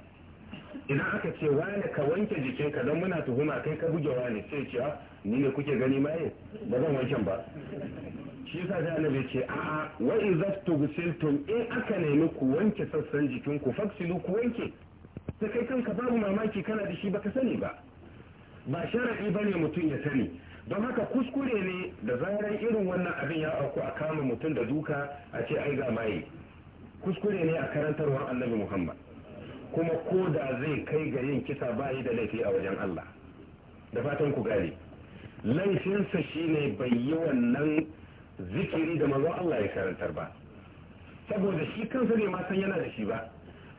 idan aka ce wane ka wanke ka don muna tuhuma kai ka buge wane sai ce ah, ni ne kuke gani maye ba zan wanken ba shi yasa da annabi ce a'a ah, wa idza tughsiltum in aka nemi ku wanke sassan jikin ku faksilu ku wanke sai kai kanka babu mamaki kana da shi baka sani ba ba ba bane mutum ya sani don haka kuskure ne da zarar irin wannan abin ya auku a kama mutum da duka a ce ai ga maye kuskure ne a karantarwar annabi muhammad kuma ko da zai kai ga yin kisa ba yi da laifi a wajen Allah da fatan ku gane laifinsa shine bai yi wannan zikiri da manzon Allah ya karantar ba saboda shi kansa ne ma san yana da shi ba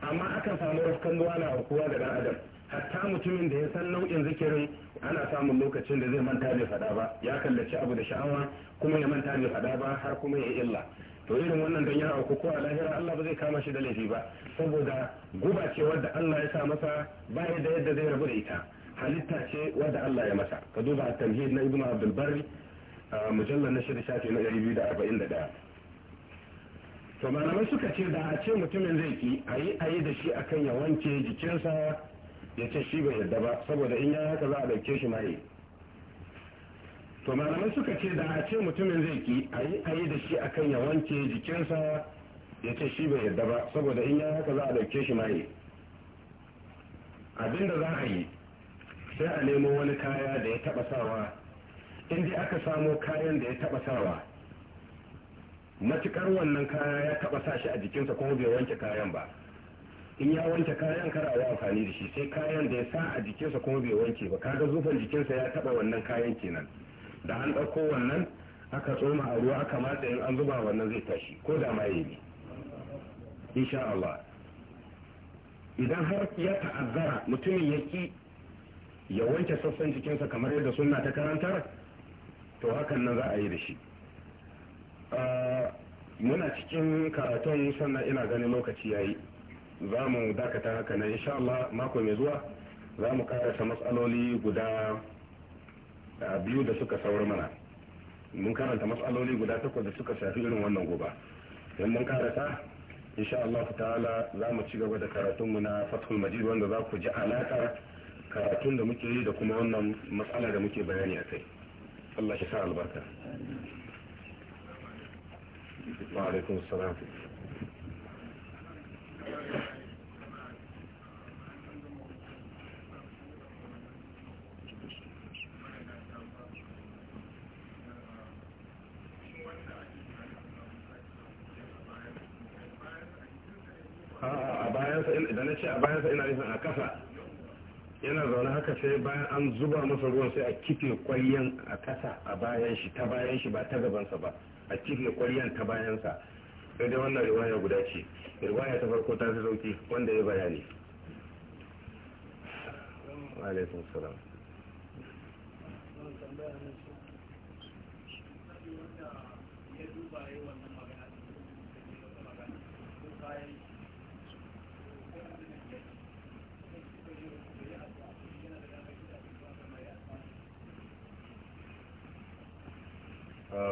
amma akan samu rafkan ruwa na aukuwa da dan adam hatta mutumin da ya san nau'in zikirin ana samun lokacin da zai manta bai faɗa ba ya kallaci abu da sha'awa kuma ya manta bai fada ba har kuma ya illa to irin wannan don yana ko a lahira Allah ba zai kama shi da laifi ba saboda guba ce wadda Allah ya sa masa ba da yadda zai rabu da ita halitta ce wadda Allah ya masa ka duba at-tamhid na Ibn Abdul Barri mujallal na shida shafi na 241 to malamai suka ce da a ce mutumin zai ki ayi ayi da shi akan ya wanke jikinsa ya ce shi bai yarda ba saboda in ya haka za a dauke shi mai to malamai suka ce da a ce mutumin zai ki ayi ayi da shi akan ya wanke jikinsa ya ce shi bai yarda ba saboda in ya haka za a dauke shi maye abinda za a yi sai a nemo wani kaya da ya taba sawa in dai aka samo kayan da ya taba sawa matukar wannan kaya ya taba sa shi a jikinsa kuma bai wanke kayan ba in ya wanke kayan kar a amfani da shi sai kayan da ya sa a jikinsa kuma bai wanke ba kaga zufan jikinsa ya taba wannan kayan kenan da an ɗauko wannan aka tsoma a ruwa aka mata yin an zuba wannan zai tashi ko da yi ne insha Allah idan har ya ta'azzara mutumin ya ki ya wanke sassan jikinsa kamar yadda sunna ta karantar to hakan nan za a yi da shi ah, muna cikin karatun sannan ina ganin lokaci ya yi za mu dakata haka na insha Allah mako mai zuwa za mu ta matsaloli guda biyu da suka saura mana mun karanta matsaloli guda takwas da suka shafi irin wannan goba in mun karanta insha Allah ta'ala za mu ci gaba da karatun mu na fathul majid wanda za ku ji alaƙar karatun da muke yi da kuma wannan matsala da muke bayani a kai Allah shi sa albarka wa alaikum bayansa da na ce a bayansa ina nufin a kasa yana zaune haka sai bayan an zuba masa ruwan sai a kife kwaryan a kasa a bayan shi ta bayan shi ba ta gabansa ba a kife kwaryan ta bayansa sai dai wannan riwaya guda ce riwaya ta farko ta fi sauki wanda ya bayani alaikum salam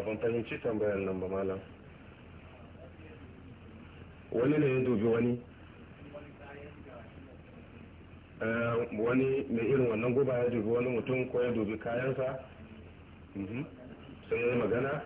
ban fahimci tambayar nan ba malam wani ne ya dubi wani eh, wani mai irin wannan guba ya dubi wani mutum ko ya dubi kayansa mhm. sai ya yi magana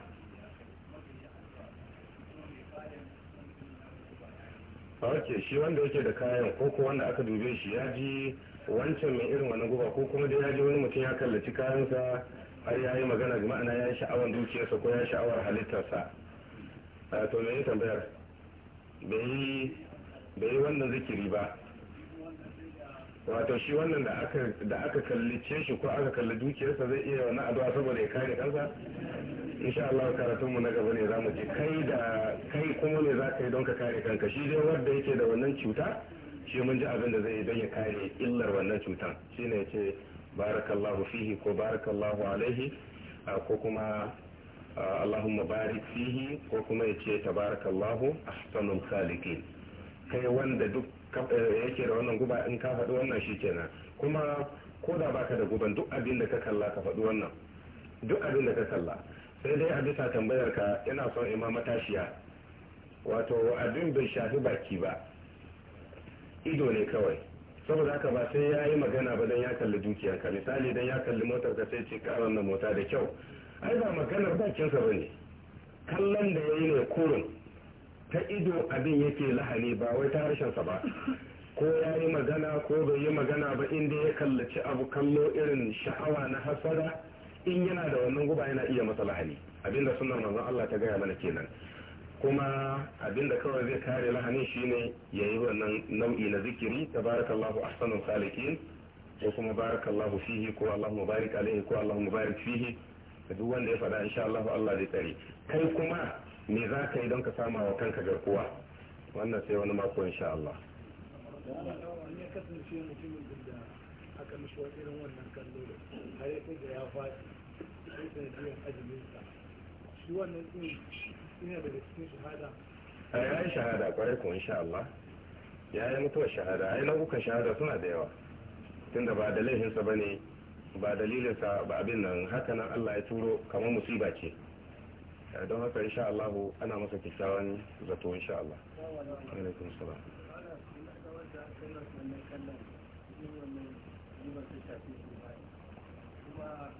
ok shi wanda yake da kayan ko ko wanda aka dube shi ya ji wancan mai irin wannan guba ko kuma da ya ji wani mutum ya kallaci kayansa har ya yi magana ga ma'ana ya yi sha'awar dukiyarsa ko ya yi sha'awar halittarsa to me yi tambayar bai yi wannan zikiri ba wato shi wannan da aka kallice shi ko aka kalli dukiyarsa zai iya wani addu'a saboda ya kare kansa insha Allah karatun mu na gaba ne zamu je kai da kai kuma ne za ka yi don ka kare kanka shi dai wanda yake da wannan cuta shi mun ji abin da zai yi don ya kare illar wannan cutan shine ce. barakallahu fihi ko barakallahu alaihi ko kuma allahumma barik fihi ko kuma ya ce tabarakallahu ahsanul khaliqin kai wanda duk eh, yake da wannan guba in ka faɗi wannan shi shikenan kuma ko da baka da guban duk abin da ka kalla ka faɗi wannan duk abin da ka kalla sai dai a bisa tambayar ka yana son ima matashiya wato abin bai shafi baki ba ido ne kawai saboda haka ba sai ya yi magana ba don ya kalli dukiya ka misali don ya kalli motar ka sai ce karon wannan mota da kyau ai ba maganar bakinsa ba ne kallon da ya yi ne kurun ta ido abin yake lahani ba wai ta harshen sa ba ko ya yi magana ko bai yi magana ba inda ya kallaci abu kallo irin sha'awa na hasada in yana da wannan guba yana iya masa lahani abinda sunan manzon Allah ta gaya mana kenan kuma abinda kawai zai kare lahanin shine ya yi wannan nau'i na zikiri ta tabarakallahu ahsanul khaliqin ko kuma barakallahu fihi ko allahumma barik alaihi ko allahumma barik fihi duk wanda ya faɗa insha Allah Allah zai tsare kai kuma me za ka yi don ka sama wa kanka garkuwa wannan sai wani mako insha Allah aka mishi wani irin wannan kallo da har ya da ya faɗi sai sanadiyar azumin sa shi wannan din ya yi shahada kwarai kuwa insha Allah ya mutuwar shahada ai nau'ukan shahada suna da yawa tunda ba da laifinsa ba ne ba dalilinsa ba abin nan haka nan Allah ya turo kamar musiba ce don haka insha Allah ana masa kyakkyawan zato insha Allah alaikum salam kuma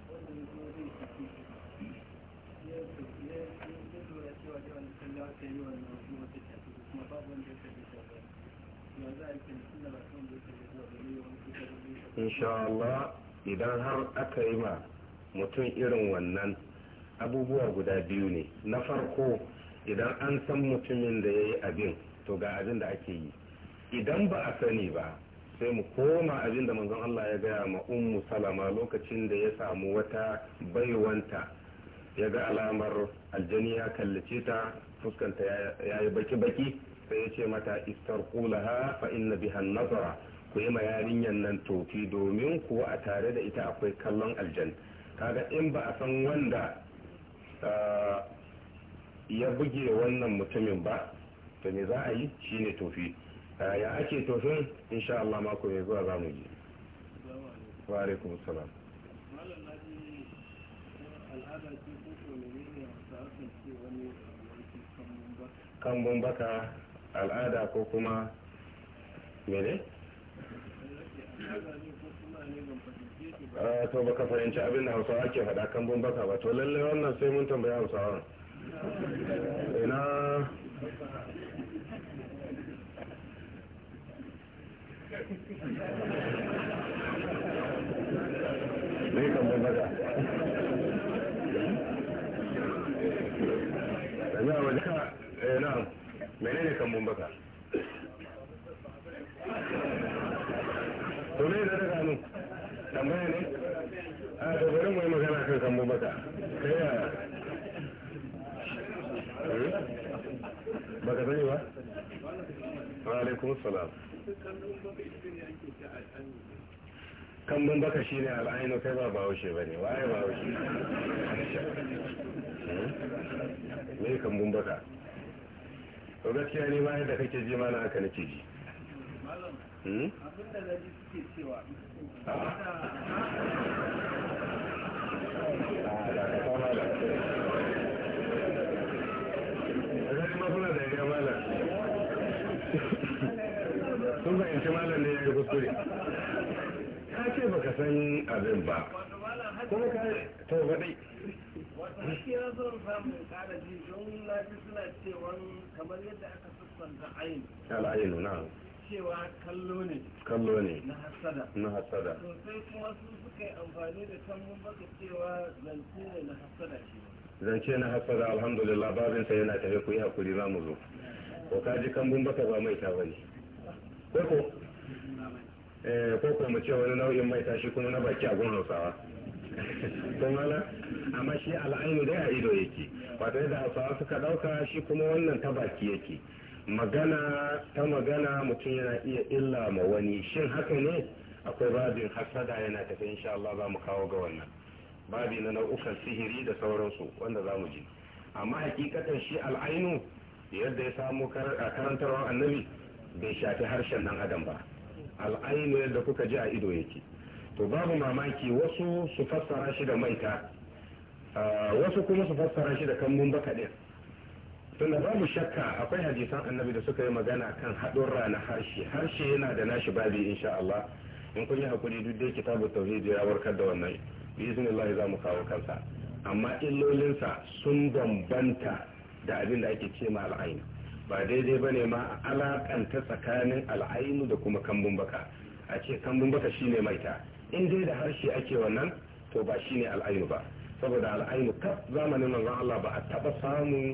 insha Allah idan har aka yi ma mutum irin wannan abubuwa guda biyu ne na farko idan an san mutumin da ya yi abin to ga abin da ake yi idan ba a sani ba sai mu koma abin da manzon Allah ya gaya ma ummu salama lokacin da ya samu wata baiwanta ya ga alamar aljani ya kallace ta fuskanta ya yi baki-baki sai ya ce mata istar ha fa'in na bihan nazara ku yi ma yarinyar nan tofi domin kuwa a tare da ita akwai kallon aljan kaga in ba a san wanda ya buge wannan mutumin ba to me za a yi shine tofi ya ake tofin insha Allah mako mai zuwa za mu je wa alaikum salam kambun baka al'ada ko kuma mene? Eh, to baka fahimci abin da hausawa ake faɗa kan bun baka ba to lalle wannan sai mun tambaya hausawa eh, ina kan baka wajen eh, na menene kan baka to ne da daga mu tambaya ne a da bari mu yi magana kan sambo baka kai ya ka sani ba wa alaikum salam kambun baka shi ne al'ainu kai ba bahaushe ba ne waye bahaushe ne kambun baka to gaskiya ne ma yadda kake ji mana haka nake ji abinda na ji ka san abin ba suna cewa kamar yadda aka sassanta ainihin al'ainihin cewa kallo ne kallo ne na hasada na hasada sosai kuma su suka yi amfani da kallon baka cewa zance ne na hasada ce zance na hasada alhamdulillah babin sa yana tafe ku yi hakuri za mu zo ko ka ji kambun baka ba mai ta bane ko ko eh ko ko mu ce wani nau'in mai tashi kuma na baki a gun Hausawa kuma amma shi al'ainu dai a ido yake wato da Hausawa suka dauka shi kuma wannan ta baki yake magana ta magana mutum yana iya illa ma wani shin haka ne akwai babin hasada yana tafi insha Allah za mu kawo ga wannan babi na nau'ukan sihiri da sauransu wanda za mu ji amma hakikatan shi al'ainu yadda ya samu karantarwa annabi bai shafi harshen nan adam ba al'ainu yadda kuka ji a ido yake to babu mamaki wasu su fassara shi da maita wasu kuma su fassara shi da kambun baka ɗin tunda babu shakka akwai hadisan annabi da suka yi magana kan haɗin rana harshe harshe yana da nashi babi insha Allah in kun yi hakuri duk dai kitabu tauhid ya warkar da wannan bi iznillah za mu kawo kansa amma illolinsa sun bambanta da abin da ake ce ma al'ain ba daidai bane ma alakanta tsakanin al'ainu da kuma kambun baka a ce kambun baka shine maita in dai da harshe ake wannan to ba shine al'ainu ba saboda al'ainu kaf zamanin manzon Allah ba a taba samun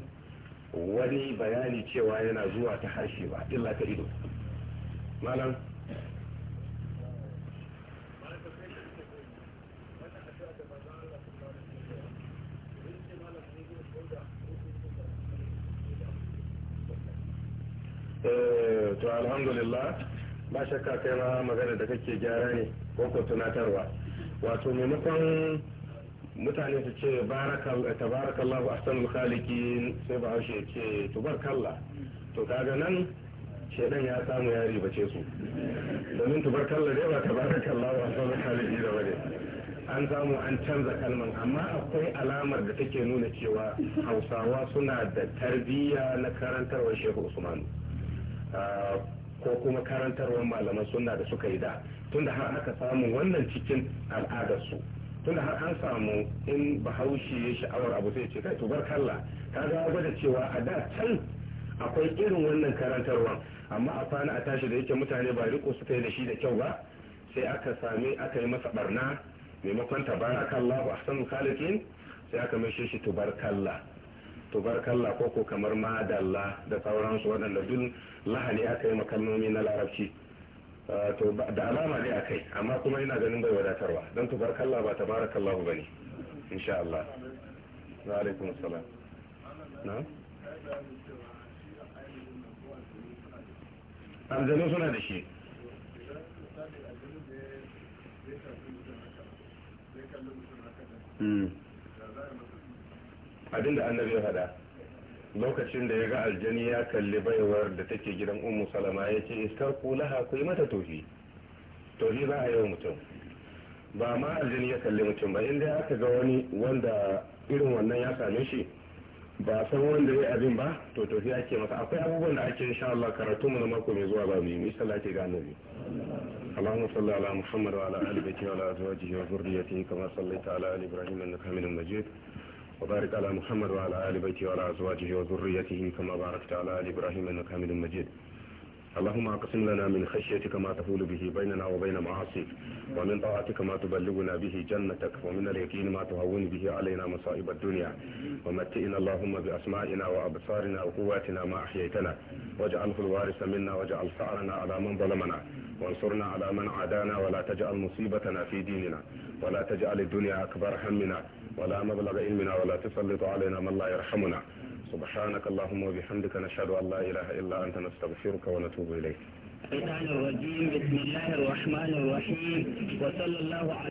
wani bayani cewa yana zuwa ta harshe ba illa ta ido malam eh, to alhamdulillah ba shakka kai ma magana da kake gyara ne ko ko tunatarwa wato maimakon mutane su ce tabarakallahu ahsanul khaliqin sai ba ya ce tubarkallah to kaga nan shedan ya samu ya ribace su domin tubarkallah dai ba tabarakallahu ahsanul khaliqin da bane an samu an canza kalman amma akwai alamar da take nuna cewa hausawa suna da tarbiyya na karantarwar shehu usman ah, ko kuma karantarwar malaman suna da suka yi da tunda har aka samu wannan cikin al'adarsu su tunda har an samu in bahaushe ya sha'awar abu sai ce kai to bar kalla ka ga gwada cewa a da can akwai irin wannan karantarwa amma a kwana a tashi da yake mutane ba riko suka yi da shi da kyau ba sai aka sami aka yi masa barna maimakon tabarakallahu ahsanul khaliqin sai aka mai shi tubarkalla tubarkalla ko ko kamar madalla da sauransu waɗanda duk lahani aka yi makalmomi na larabci Ah, to da alama ne a kai amma kuma ina ganin bai wadatarwa don to tubarkalla ba ta ba ne insha Allah wa alaikum salam na'am aljanu suna da shi hmm. abinda annabi ya faɗa lokacin da ya ga aljani ya kalli baiwar da take gidan Umu salama ya ce iskar kulaha ku yi mata tofi tofi za a yi wa mutum ba ma aljani ya kalli mutum ba inda aka ga wani wanda irin wannan ya same shi ba san wanda ya abin ba to tofi ake masa akwai abubuwan da ake insha Allah karatu mu na mako mai zuwa ba mu yi salati ga annabi اللهم صل على محمد وعلى ال بيته وعلى ازواجه وذريته كما صليت على ال ibrahim انك حميد مجيد وبارك على محمد وعلى آل بيته وعلى أزواجه وذريته كما باركت على آل إبراهيم إنك حميد مجيد اللهم اقسم لنا من خشيتك ما تفول به بيننا وبين معاصيك ومن طاعتك ما تبلغنا به جنتك ومن اليقين ما تهون به علينا مصائب الدنيا ومتئنا اللهم بأسمائنا وأبصارنا وقواتنا ما أحييتنا واجعله الوارث منا واجعل ثأرنا على من ظلمنا وانصرنا على من عادانا ولا تجعل مصيبتنا في ديننا ولا تجعل الدنيا أكبر همنا ولا مبلغ علمنا ولا تسلط علينا من لا يرحمنا سبحانك اللهم وبحمدك نشهد أن لا إله إلا أنت نستغفرك ونتوب إليك الشيطان الرجيم بسم الله الرحمن الرحيم وصلى الله على